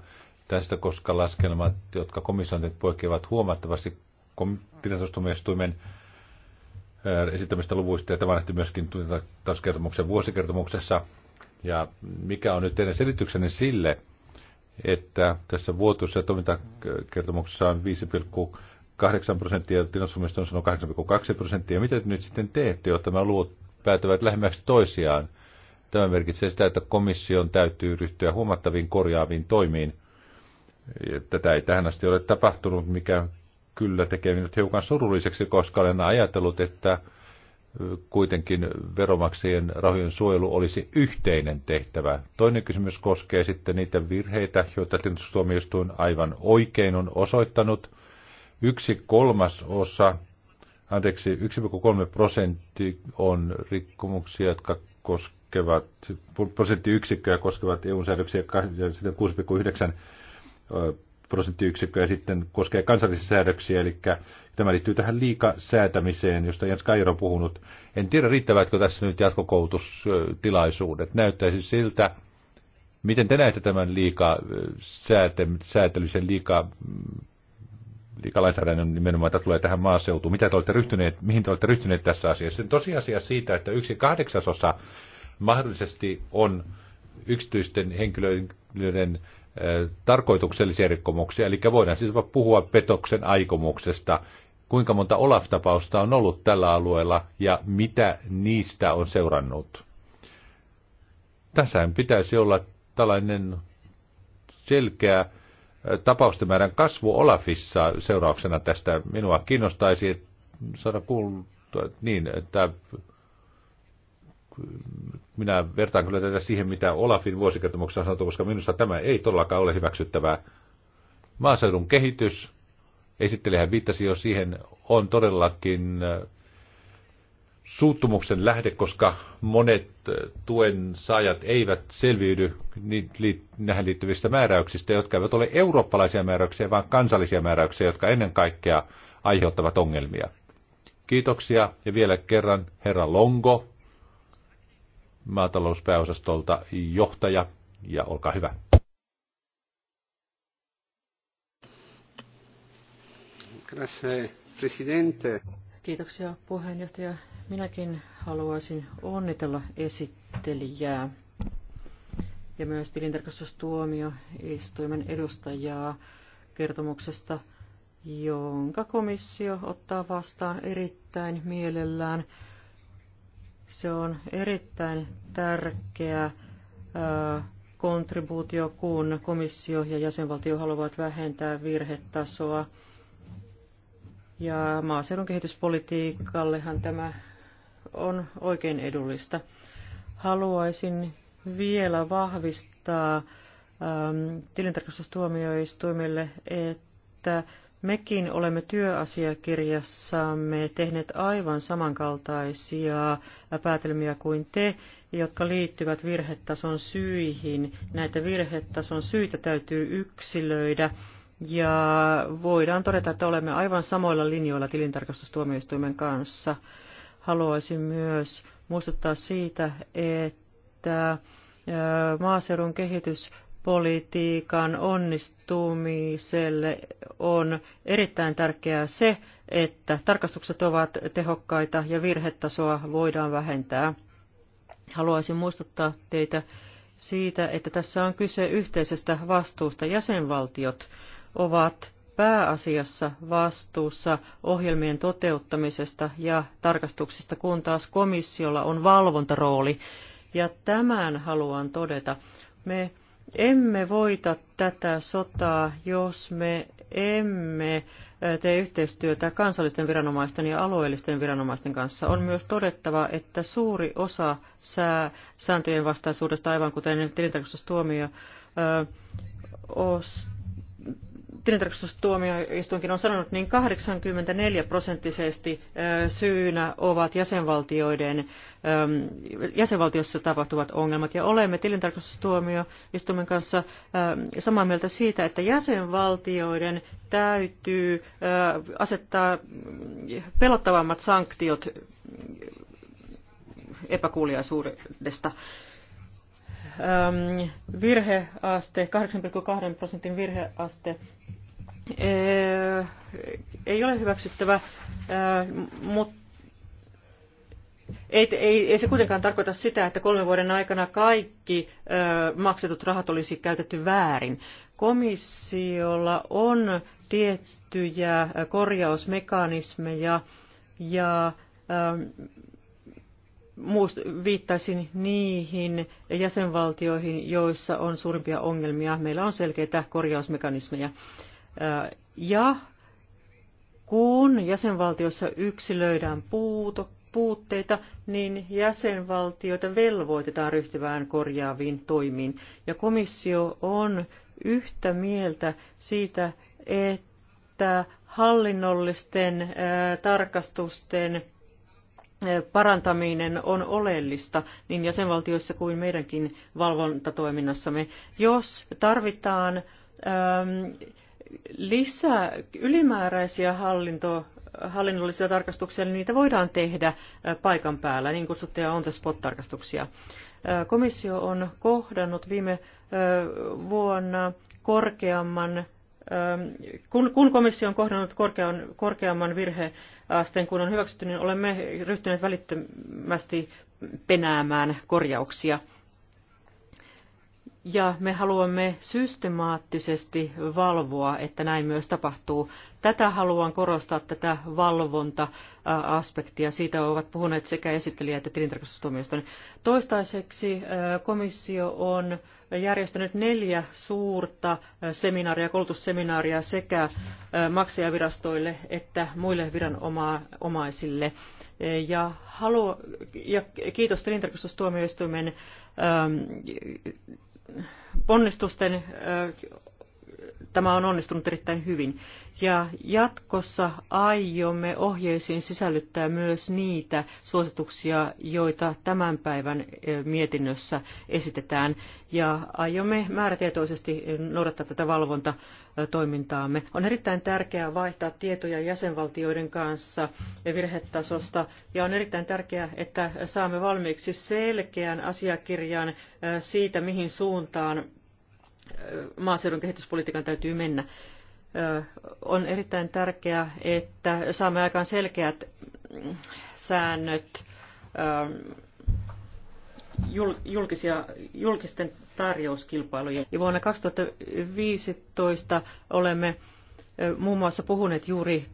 tästä, koska laskelmat, jotka komissiointit poikkeavat huomattavasti tilastustumistuimen esittämistä luvuista, ja tämä nähty myöskin taas vuosikertomuksessa. Ja mikä on nyt teidän selityksenne sille, että tässä vuotuisessa toimintakertomuksessa on 5,8 prosenttia, tilastomista on sanonut 8,2 prosenttia. Mitä te nyt sitten teette, jotta nämä luvut päätyvät lähemmäksi toisiaan? Tämä merkitsee sitä, että komission täytyy ryhtyä huomattaviin korjaaviin toimiin. Tätä ei tähän asti ole tapahtunut, mikä kyllä tekee minut hiukan surulliseksi, koska olen ajatellut, että kuitenkin veromaksajien rahojen suojelu olisi yhteinen tehtävä. Toinen kysymys koskee sitten niitä virheitä, joita tuomioistuin aivan oikein on osoittanut. Yksi kolmas osa, anteeksi, 1,3 prosentti on rikkomuksia, jotka koskevat, prosenttiyksikköä koskevat EU-säädöksiä ja 6,9 prosenttiyksikköä sitten koskee kansallisia säädöksiä, eli tämä liittyy tähän liikasäätämiseen, josta Jens Kairo on puhunut. En tiedä, riittävätkö tässä nyt jatkokoulutustilaisuudet. Näyttäisi siltä, miten te näette tämän liika liika liikalainsäädännön nimenomaan, että tulee tähän maaseutuun. Mitä te olette ryhtyneet, mihin te olette ryhtyneet tässä asiassa? Sen tosiasia siitä, että yksi kahdeksasosa mahdollisesti on yksityisten henkilöiden tarkoituksellisia rikkomuksia, eli voidaan siis puhua petoksen aikomuksesta. Kuinka monta Olaf-tapausta on ollut tällä alueella ja mitä niistä on seurannut? Tässä pitäisi olla tällainen selkeä tapausten määrän kasvu Olafissa seurauksena tästä. Minua kiinnostaisi saada kuultua niin, että minä vertaan kyllä tätä siihen, mitä Olafin vuosikertomuksessa on sanottu, koska minusta tämä ei todellakaan ole hyväksyttävää. Maaseudun kehitys, esittelijähän viittasi jo siihen, on todellakin äh, suuttumuksen lähde, koska monet äh, tuen saajat eivät selviydy näihin liittyvistä määräyksistä, jotka eivät ole eurooppalaisia määräyksiä, vaan kansallisia määräyksiä, jotka ennen kaikkea aiheuttavat ongelmia. Kiitoksia ja vielä kerran herra Longo maatalouspääosastolta johtaja, ja olkaa hyvä. Kiitoksia puheenjohtaja. Minäkin haluaisin onnitella esittelijää ja myös tilintarkastustuomioistuimen edustajaa kertomuksesta, jonka komissio ottaa vastaan erittäin mielellään. Se on erittäin tärkeä kontribuutio, kun komissio ja jäsenvaltio haluavat vähentää virhetasoa. Ja maaseudun kehityspolitiikallehan tämä on oikein edullista. Haluaisin vielä vahvistaa ähm, tilintarkastustuomioistuimille, että Mekin olemme työasiakirjassamme tehneet aivan samankaltaisia päätelmiä kuin te, jotka liittyvät virhetason syihin. Näitä virhetason syitä täytyy yksilöidä ja voidaan todeta, että olemme aivan samoilla linjoilla tilintarkastustuomioistuimen kanssa. Haluaisin myös muistuttaa siitä, että maaseudun kehitys politiikan onnistumiselle on erittäin tärkeää se, että tarkastukset ovat tehokkaita ja virhetasoa voidaan vähentää. Haluaisin muistuttaa teitä siitä, että tässä on kyse yhteisestä vastuusta. Jäsenvaltiot ovat pääasiassa vastuussa ohjelmien toteuttamisesta ja tarkastuksista, kun taas komissiolla on valvontarooli. Ja tämän haluan todeta. Me emme voita tätä sotaa, jos me emme tee yhteistyötä kansallisten viranomaisten ja alueellisten viranomaisten kanssa. On myös todettava, että suuri osa sää, sääntöjen vastaisuudesta, aivan kuten tilintarkastustuomio, tilintarkastustuomioistuinkin on sanonut, niin 84 prosenttisesti syynä ovat jäsenvaltioiden, jäsenvaltiossa tapahtuvat ongelmat. Ja olemme tilintarkastustuomioistuimen kanssa samaa mieltä siitä, että jäsenvaltioiden täytyy asettaa pelottavammat sanktiot epäkuuliaisuudesta. Ähm, virheaste, 8,2 prosentin virheaste äh, ei ole hyväksyttävä, äh, mutta ei, ei, ei se kuitenkaan tarkoita sitä, että kolmen vuoden aikana kaikki ö, äh, maksetut rahat olisi käytetty väärin. Komissiolla on tiettyjä korjausmekanismeja ja ö, ähm, viittaisin niihin jäsenvaltioihin, joissa on suurimpia ongelmia. Meillä on selkeitä korjausmekanismeja. Ja kun jäsenvaltioissa yksilöidään puuto, puutteita, niin jäsenvaltioita velvoitetaan ryhtymään korjaaviin toimiin. Ja komissio on yhtä mieltä siitä, että hallinnollisten tarkastusten parantaminen on oleellista niin jäsenvaltioissa kuin meidänkin valvontatoiminnassamme. Jos tarvitaan äm, lisää ylimääräisiä hallinto, hallinnollisia tarkastuksia, niin niitä voidaan tehdä äh, paikan päällä, niin kutsuttuja on-the-spot-tarkastuksia. Äh, komissio on kohdannut viime äh, vuonna korkeamman kun, kun komissio on kohdannut korkean, korkeamman virheasteen kuin on hyväksytty, niin olemme ryhtyneet välittömästi penäämään korjauksia – ja me haluamme systemaattisesti valvoa, että näin myös tapahtuu. Tätä haluan korostaa, tätä valvonta-aspektia. Siitä ovat puhuneet sekä esittelijä että tilintarkastustuomioista. Toistaiseksi komissio on järjestänyt neljä suurta seminaaria, koulutusseminaaria sekä maksajavirastoille että muille viranomaisille. Ja, halu, ja kiitos tilintarkastustuomioistuimen ponnistusten tämä on onnistunut erittäin hyvin. Ja jatkossa aiomme ohjeisiin sisällyttää myös niitä suosituksia, joita tämän päivän eh, mietinnössä esitetään. Ja aiomme määrätietoisesti eh, noudattaa tätä valvontatoimintaamme. On erittäin tärkeää vaihtaa tietoja jäsenvaltioiden kanssa ja eh, virhetasosta. Ja on erittäin tärkeää, että saamme valmiiksi selkeän asiakirjan siitä, mihin suuntaan maaseudun kehityspolitiikan täytyy mennä. On erittäin tärkeää, että saamme aikaan selkeät mm, säännöt julkisia, julkisten tarjouskilpailujen. Ja vuonna 2015 olemme muun muassa puhuneet juuri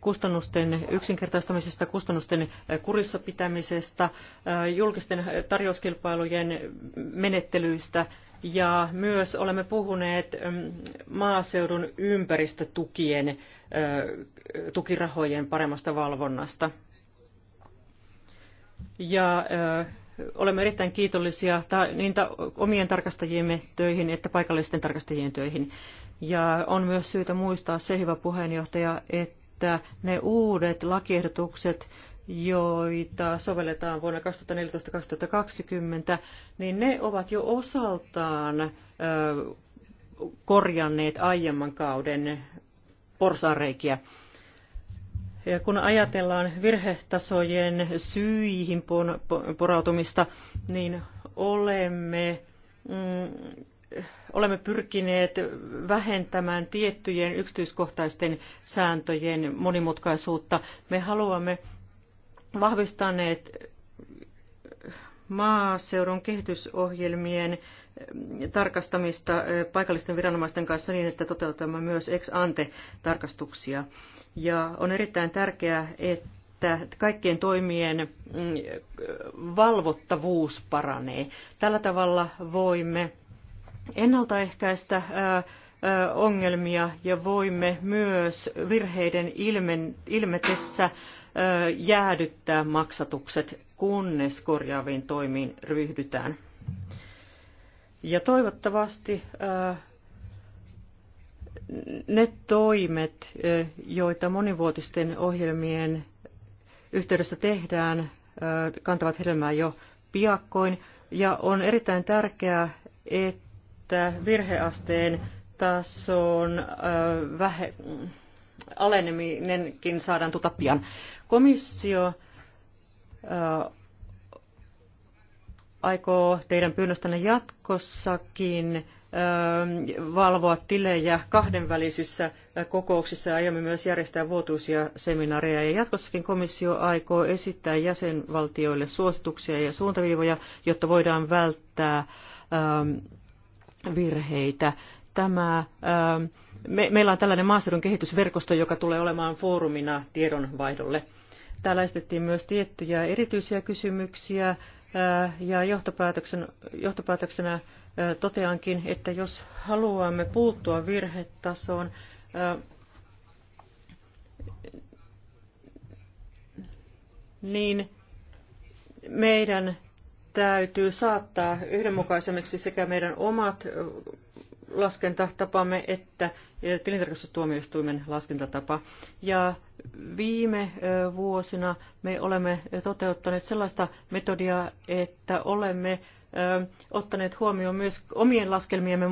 kustannusten yksinkertaistamisesta, kustannusten kurissa pitämisestä, julkisten tarjouskilpailujen menettelyistä ja myös olemme puhuneet maaseudun ympäristötukien tukirahojen paremmasta valvonnasta. Ja olemme erittäin kiitollisia niin omien tarkastajiemme töihin että paikallisten tarkastajien töihin. Ja on myös syytä muistaa se, hyvä puheenjohtaja, että että ne uudet lakiehdotukset, joita sovelletaan vuonna 2014-2020, niin ne ovat jo osaltaan korjanneet aiemman kauden porsareikiä. Ja kun ajatellaan virhetasojen syihin porautumista, niin olemme mm, olemme pyrkineet vähentämään tiettyjen yksityiskohtaisten sääntöjen monimutkaisuutta. Me haluamme vahvistaneet maaseudun kehitysohjelmien tarkastamista paikallisten viranomaisten kanssa niin, että toteutamme myös ex ante tarkastuksia. Ja on erittäin tärkeää, että kaikkien toimien mm, valvottavuus paranee. Tällä tavalla voimme ennaltaehkäistä ongelmia ja voimme myös virheiden ilmetessä jäädyttää maksatukset, kunnes korjaaviin toimiin ryhdytään. Ja toivottavasti ne toimet, joita monivuotisten ohjelmien yhteydessä tehdään, kantavat hedelmää jo piakkoin. Ja on erittäin tärkeää, että että virheasteen tason vähe, aleneminenkin saadaan tuota pian. Komissio aikoo teidän pyynnöstänne jatkossakin valvoa tilejä kahdenvälisissä kokouksissa ja aiemmin myös järjestää vuotuisia seminaareja. Ja jatkossakin komissio aikoo esittää jäsenvaltioille suosituksia ja suuntaviivoja, jotta voidaan välttää virheitä. Tämä, ähm, me, meillä on tällainen maaseudun kehitysverkosto, joka tulee olemaan foorumina tiedonvaihdolle. Täällä esitettiin myös tiettyjä erityisiä kysymyksiä äh, ja johtopäätöksen, johtopäätöksenä äh, toteankin, että jos haluamme puuttua virhetasoon, äh, niin meidän täytyy saattaa yhdenmukaisemmiksi sekä meidän omat laskentatapamme että tilintarkastustuomioistuimen laskentatapa. Ja viime vuosina me olemme toteuttaneet sellaista metodia, että olemme ottaneet huomioon myös omien laskelmiemme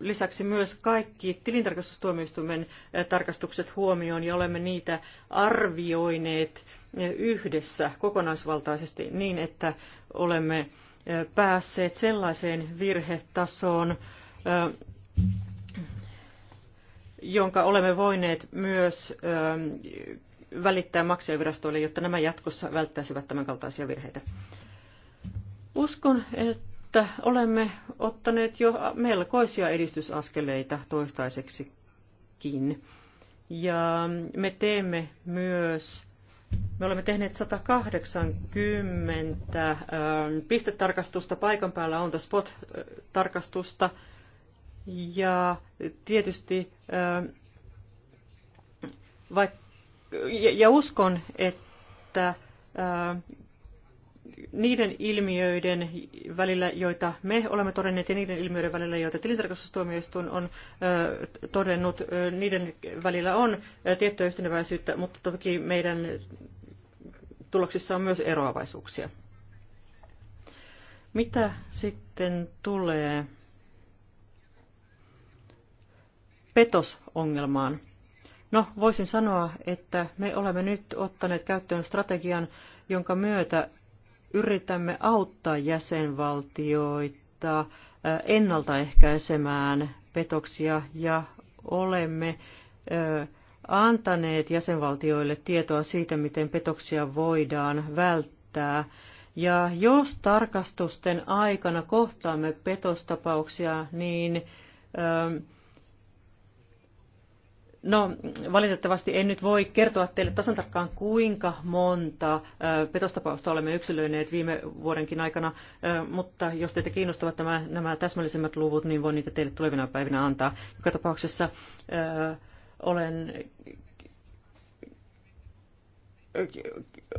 lisäksi myös kaikki tilintarkastustuomioistuimen eh, tarkastukset huomioon ja olemme niitä arvioineet eh, yhdessä kokonaisvaltaisesti niin, että olemme eh, päässeet sellaiseen virhetasoon, jonka olemme voineet myös välittää maksajavirastoille, jotta nämä jatkossa välttäisivät tämänkaltaisia virheitä. Uskon, että että olemme ottaneet jo melkoisia edistysaskeleita toistaiseksikin. Ja me teemme myös, me olemme tehneet 180 ähm, pistetarkastusta, paikan päällä on spot-tarkastusta, ja tietysti ähm, vaikka, ja uskon, että äh, niiden ilmiöiden välillä, joita me olemme todenneet, ja niiden ilmiöiden välillä, joita tilintarkastustuomioistuin on todennut, niiden välillä on tiettyä yhteneväisyyttä, mutta toki meidän tuloksissa on myös eroavaisuuksia. Mitä sitten tulee petosongelmaan? No, voisin sanoa, että me olemme nyt ottaneet käyttöön strategian, jonka myötä yritämme auttaa jäsenvaltioita ennaltaehkäisemään petoksia ja olemme antaneet jäsenvaltioille tietoa siitä, miten petoksia voidaan välttää. Ja jos tarkastusten aikana kohtaamme petostapauksia, niin No, valitettavasti en nyt voi kertoa teille tasan tarkkaan, kuinka monta petostapausta olemme yksilöineet viime vuodenkin aikana, mutta jos teitä kiinnostavat nämä, nämä täsmällisemmät luvut, niin voin niitä teille tulevina päivinä antaa. Joka tapauksessa olen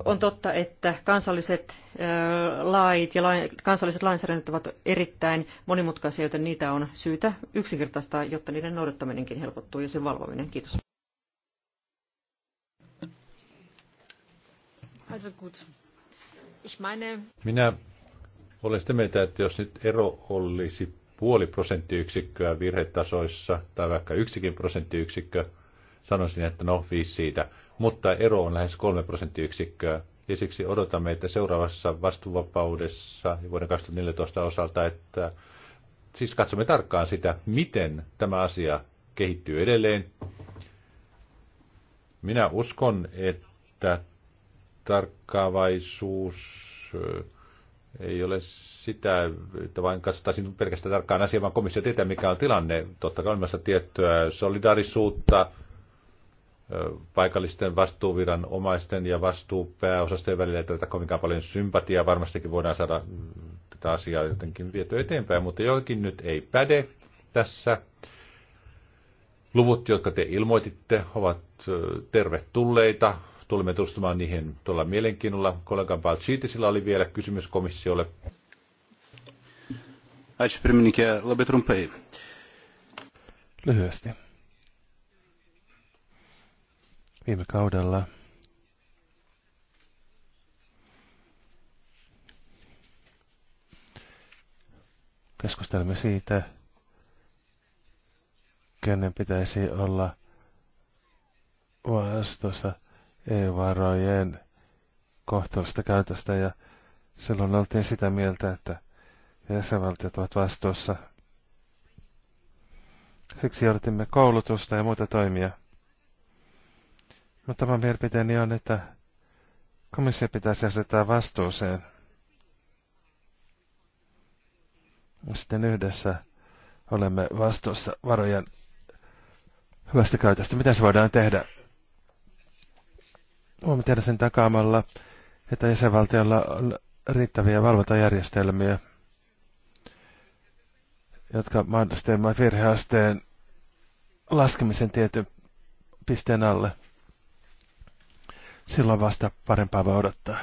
on totta, että kansalliset lait ja kansalliset lainsäädännöt ovat erittäin monimutkaisia, joten niitä on syytä yksinkertaistaa, jotta niiden noudattaminenkin helpottuu ja sen valvominen. Kiitos. Minä olen sitä mieltä, että jos nyt ero olisi puoli prosenttiyksikköä virhetasoissa tai vaikka yksikin prosenttiyksikkö, sanoisin, että no viisi siitä – mutta ero on lähes 3 prosenttiyksikköä. Ja siksi odotamme, että seuraavassa vastuuvapaudessa vuoden 2014 osalta, että siis katsomme tarkkaan sitä, miten tämä asia kehittyy edelleen. Minä uskon, että tarkkaavaisuus ei ole sitä, että vain katsotaan pelkästään tarkkaan asiaa, vaan komissio tietää, mikä on tilanne. Totta kai olemassa tiettyä solidaarisuutta, paikallisten vastuuviranomaisten ja vastuupääosastojen välillä että tätä kovinkaan paljon sympatiaa. Varmastikin voidaan saada mm, tätä asiaa jotenkin viety eteenpäin, mutta joikin nyt ei päde tässä. Luvut, jotka te ilmoititte, ovat tervetulleita. Tulemme tutustumaan niihin tuolla mielenkiinnolla. Kollegan Balchitisilla oli vielä kysymys komissiolle. Lyhyesti. Viime kaudella keskustelemme siitä, kenen pitäisi olla vastuussa EU-varojen kohtuullista käytöstä ja silloin oltiin sitä mieltä, että jäsenvaltiot ovat vastuussa. Siksi joudutimme koulutusta ja muita toimia. Mutta tämä mielipiteeni on, että komissio pitäisi asettaa vastuuseen. Sitten yhdessä olemme vastuussa varojen hyvästä käytöstä. Mitä se voidaan tehdä? Voimme tehdä sen takaamalla, että jäsenvaltiolla on riittäviä valvontajärjestelmiä, jotka mahdollistavat virheasteen laskemisen tietyn pisteen alle silloin vasta parempaa voi odottaa.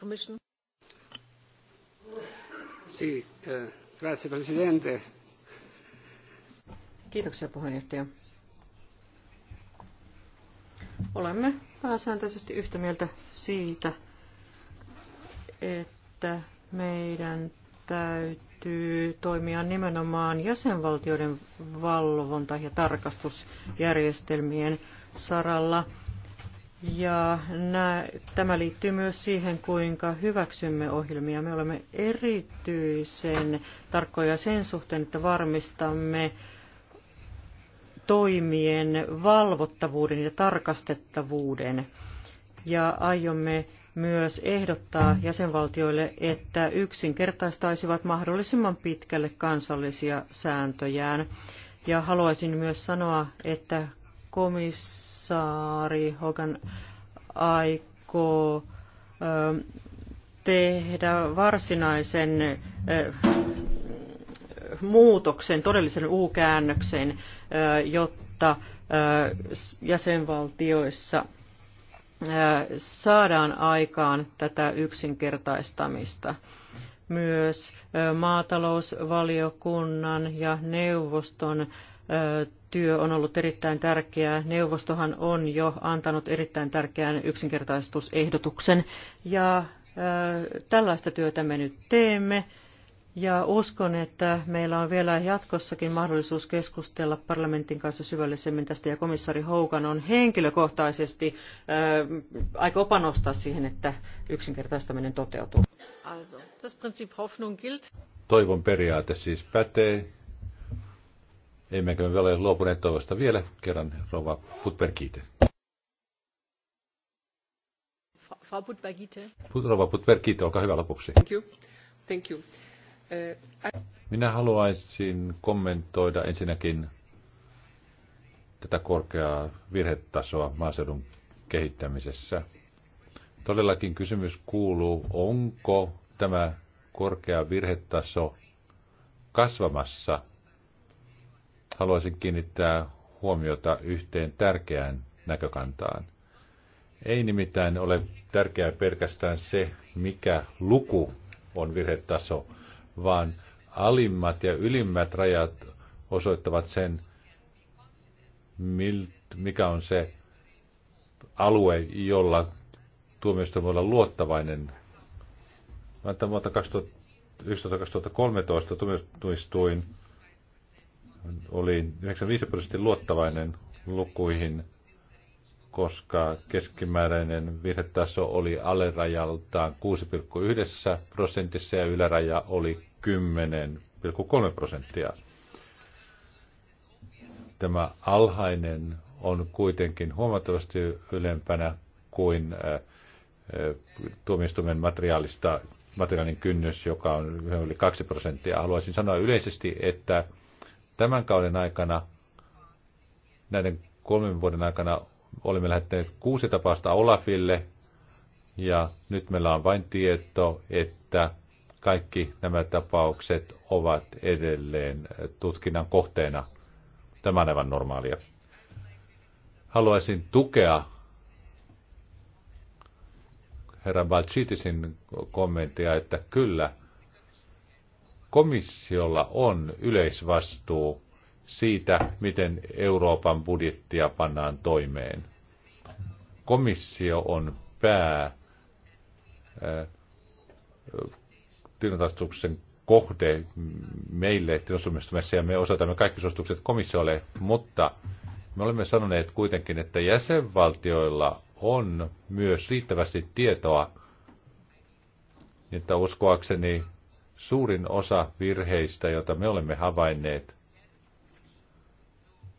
Commission. Sì, eh, grazie Presidente. Kiitoksia puheenjohtaja. Olemme pääsääntöisesti yhtä mieltä siitä, että meidän täytyy täytyy toimia nimenomaan jäsenvaltioiden valvonta- ja tarkastusjärjestelmien saralla. Ja nää, tämä liittyy myös siihen, kuinka hyväksymme ohjelmia. Me olemme erityisen tarkkoja sen suhteen, että varmistamme toimien valvottavuuden ja tarkastettavuuden. Ja aiomme myös ehdottaa jäsenvaltioille, että yksinkertaistaisivat mahdollisimman pitkälle kansallisia sääntöjään. Ja haluaisin myös sanoa, että komissaari Hogan aikoo ö, tehdä varsinaisen ö, muutoksen, todellisen U-käännöksen, jotta jäsenvaltioissa – saadaan aikaan tätä yksinkertaistamista. Myös maatalousvaliokunnan ja neuvoston työ on ollut erittäin tärkeää. Neuvostohan on jo antanut erittäin tärkeän yksinkertaistusehdotuksen ja tällaista työtä me nyt teemme ja uskon, että meillä on vielä jatkossakin mahdollisuus keskustella parlamentin kanssa syvällisemmin tästä, ja komissaari Houkan on henkilökohtaisesti äh, aikoo panostaa siihen, että yksinkertaistaminen toteutuu. Also, das Prinzip Hoffnung gilt. Toivon periaate siis pätee. Emmekä me ole luopuneet toivosta vielä kerran, rouva Putperkiite. Frau Putperkiite. Rouva Putperkiite, olkaa hyvä lopuksi. Thank you. Thank you. Minä haluaisin kommentoida ensinnäkin tätä korkeaa virhetasoa maaseudun kehittämisessä. Todellakin kysymys kuuluu, onko tämä korkea virhetaso kasvamassa. Haluaisin kiinnittää huomiota yhteen tärkeään näkökantaan. Ei nimittäin ole tärkeää pelkästään se, mikä luku on virhetaso, vaan alimmat ja ylimmät rajat osoittavat sen, mikä on se alue, jolla tuomioistuin voi olla luottavainen. Antan vuotta 2011-2013 tuomioistuin oli 95 prosenttia luottavainen lukuihin – koska keskimääräinen virhetaso oli alerajaltaan 6,1 prosentissa ja yläraja oli 10,3 prosenttia. Tämä alhainen on kuitenkin huomattavasti ylempänä kuin äh, äh, tuomioistuimen materiaalista, materiaalin kynnys, joka on yli 2 prosenttia. Haluaisin sanoa yleisesti, että tämän kauden aikana, näiden kolmen vuoden aikana Olimme lähettäneet kuusi tapausta Olafille ja nyt meillä on vain tieto, että kaikki nämä tapaukset ovat edelleen äh, tutkinnan kohteena. Tämä on aivan normaalia. Haluaisin tukea herra Balchitisin kommenttia, että kyllä komissiolla on yleisvastuu siitä, miten Euroopan budjettia pannaan toimeen. Komissio on pää tilintarkastuksen kohde meille tilintarkastuksessa ja me osoitamme kaikki suositukset komissiolle, mutta me olemme sanoneet kuitenkin, että jäsenvaltioilla on myös riittävästi tietoa, että uskoakseni suurin osa virheistä, joita me olemme havainneet,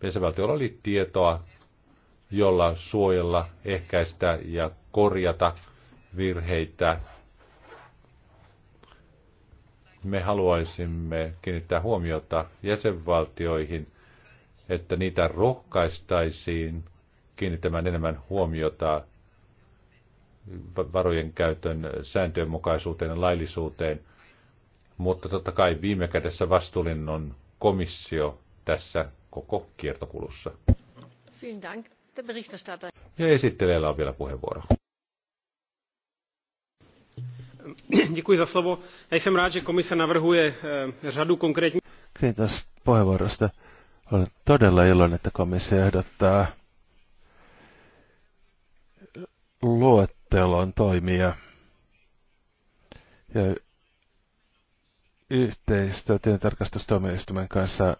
Jäsenvaltiolla oli tietoa, jolla suojella, ehkäistä ja korjata virheitä. Me haluaisimme kiinnittää huomiota jäsenvaltioihin, että niitä rohkaistaisiin kiinnittämään enemmän huomiota varojen käytön sääntöjen mukaisuuteen ja laillisuuteen. Mutta totta kai viime kädessä vastuullinen on komissio tässä koko kiertokulussa. Ja esittelijällä on vielä puheenvuoro. Děkuji za slovo. Já jsem rád, že komise navrhuje eh, řadu konkrétních... Kiitos puheenvuorosta. Olen todella iloinen, että komissio ehdottaa luettelon toimia ja yhteistyö tilintarkastustuomioistuimen kanssa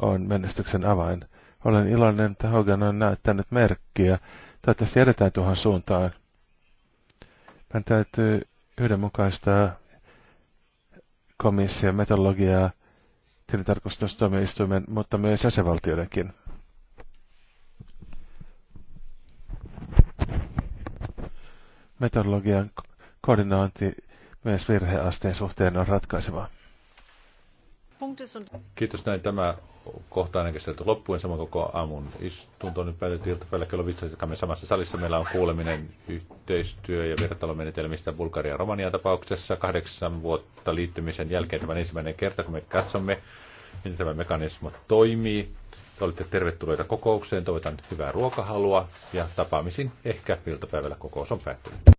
on menestyksen avain. Olen iloinen, että Hogan on näyttänyt merkkiä. Toivottavasti edetään tuohon suuntaan. Meidän täytyy yhdenmukaistaa komission metodologiaa tilintarkastustuomioistuimen, mutta myös jäsenvaltioidenkin. Metodologian koordinointi myös virheasteen suhteen on ratkaisevaa. Kiitos näin. Tämä kohta ainakin sieltä loppuun sama koko aamun istunto. Nyt päätettiin iltapäivällä kello 15. Me samassa salissa meillä on kuuleminen yhteistyö- ja vertailumenetelmistä Bulgaria ja Romania tapauksessa. Kahdeksan vuotta liittymisen jälkeen tämän ensimmäinen kerta, kun me katsomme, miten tämä mekanismo toimii. Te olette tervetulleita kokoukseen. Toivotan hyvää ruokahalua ja tapaamisin ehkä iltapäivällä kokous on päättynyt.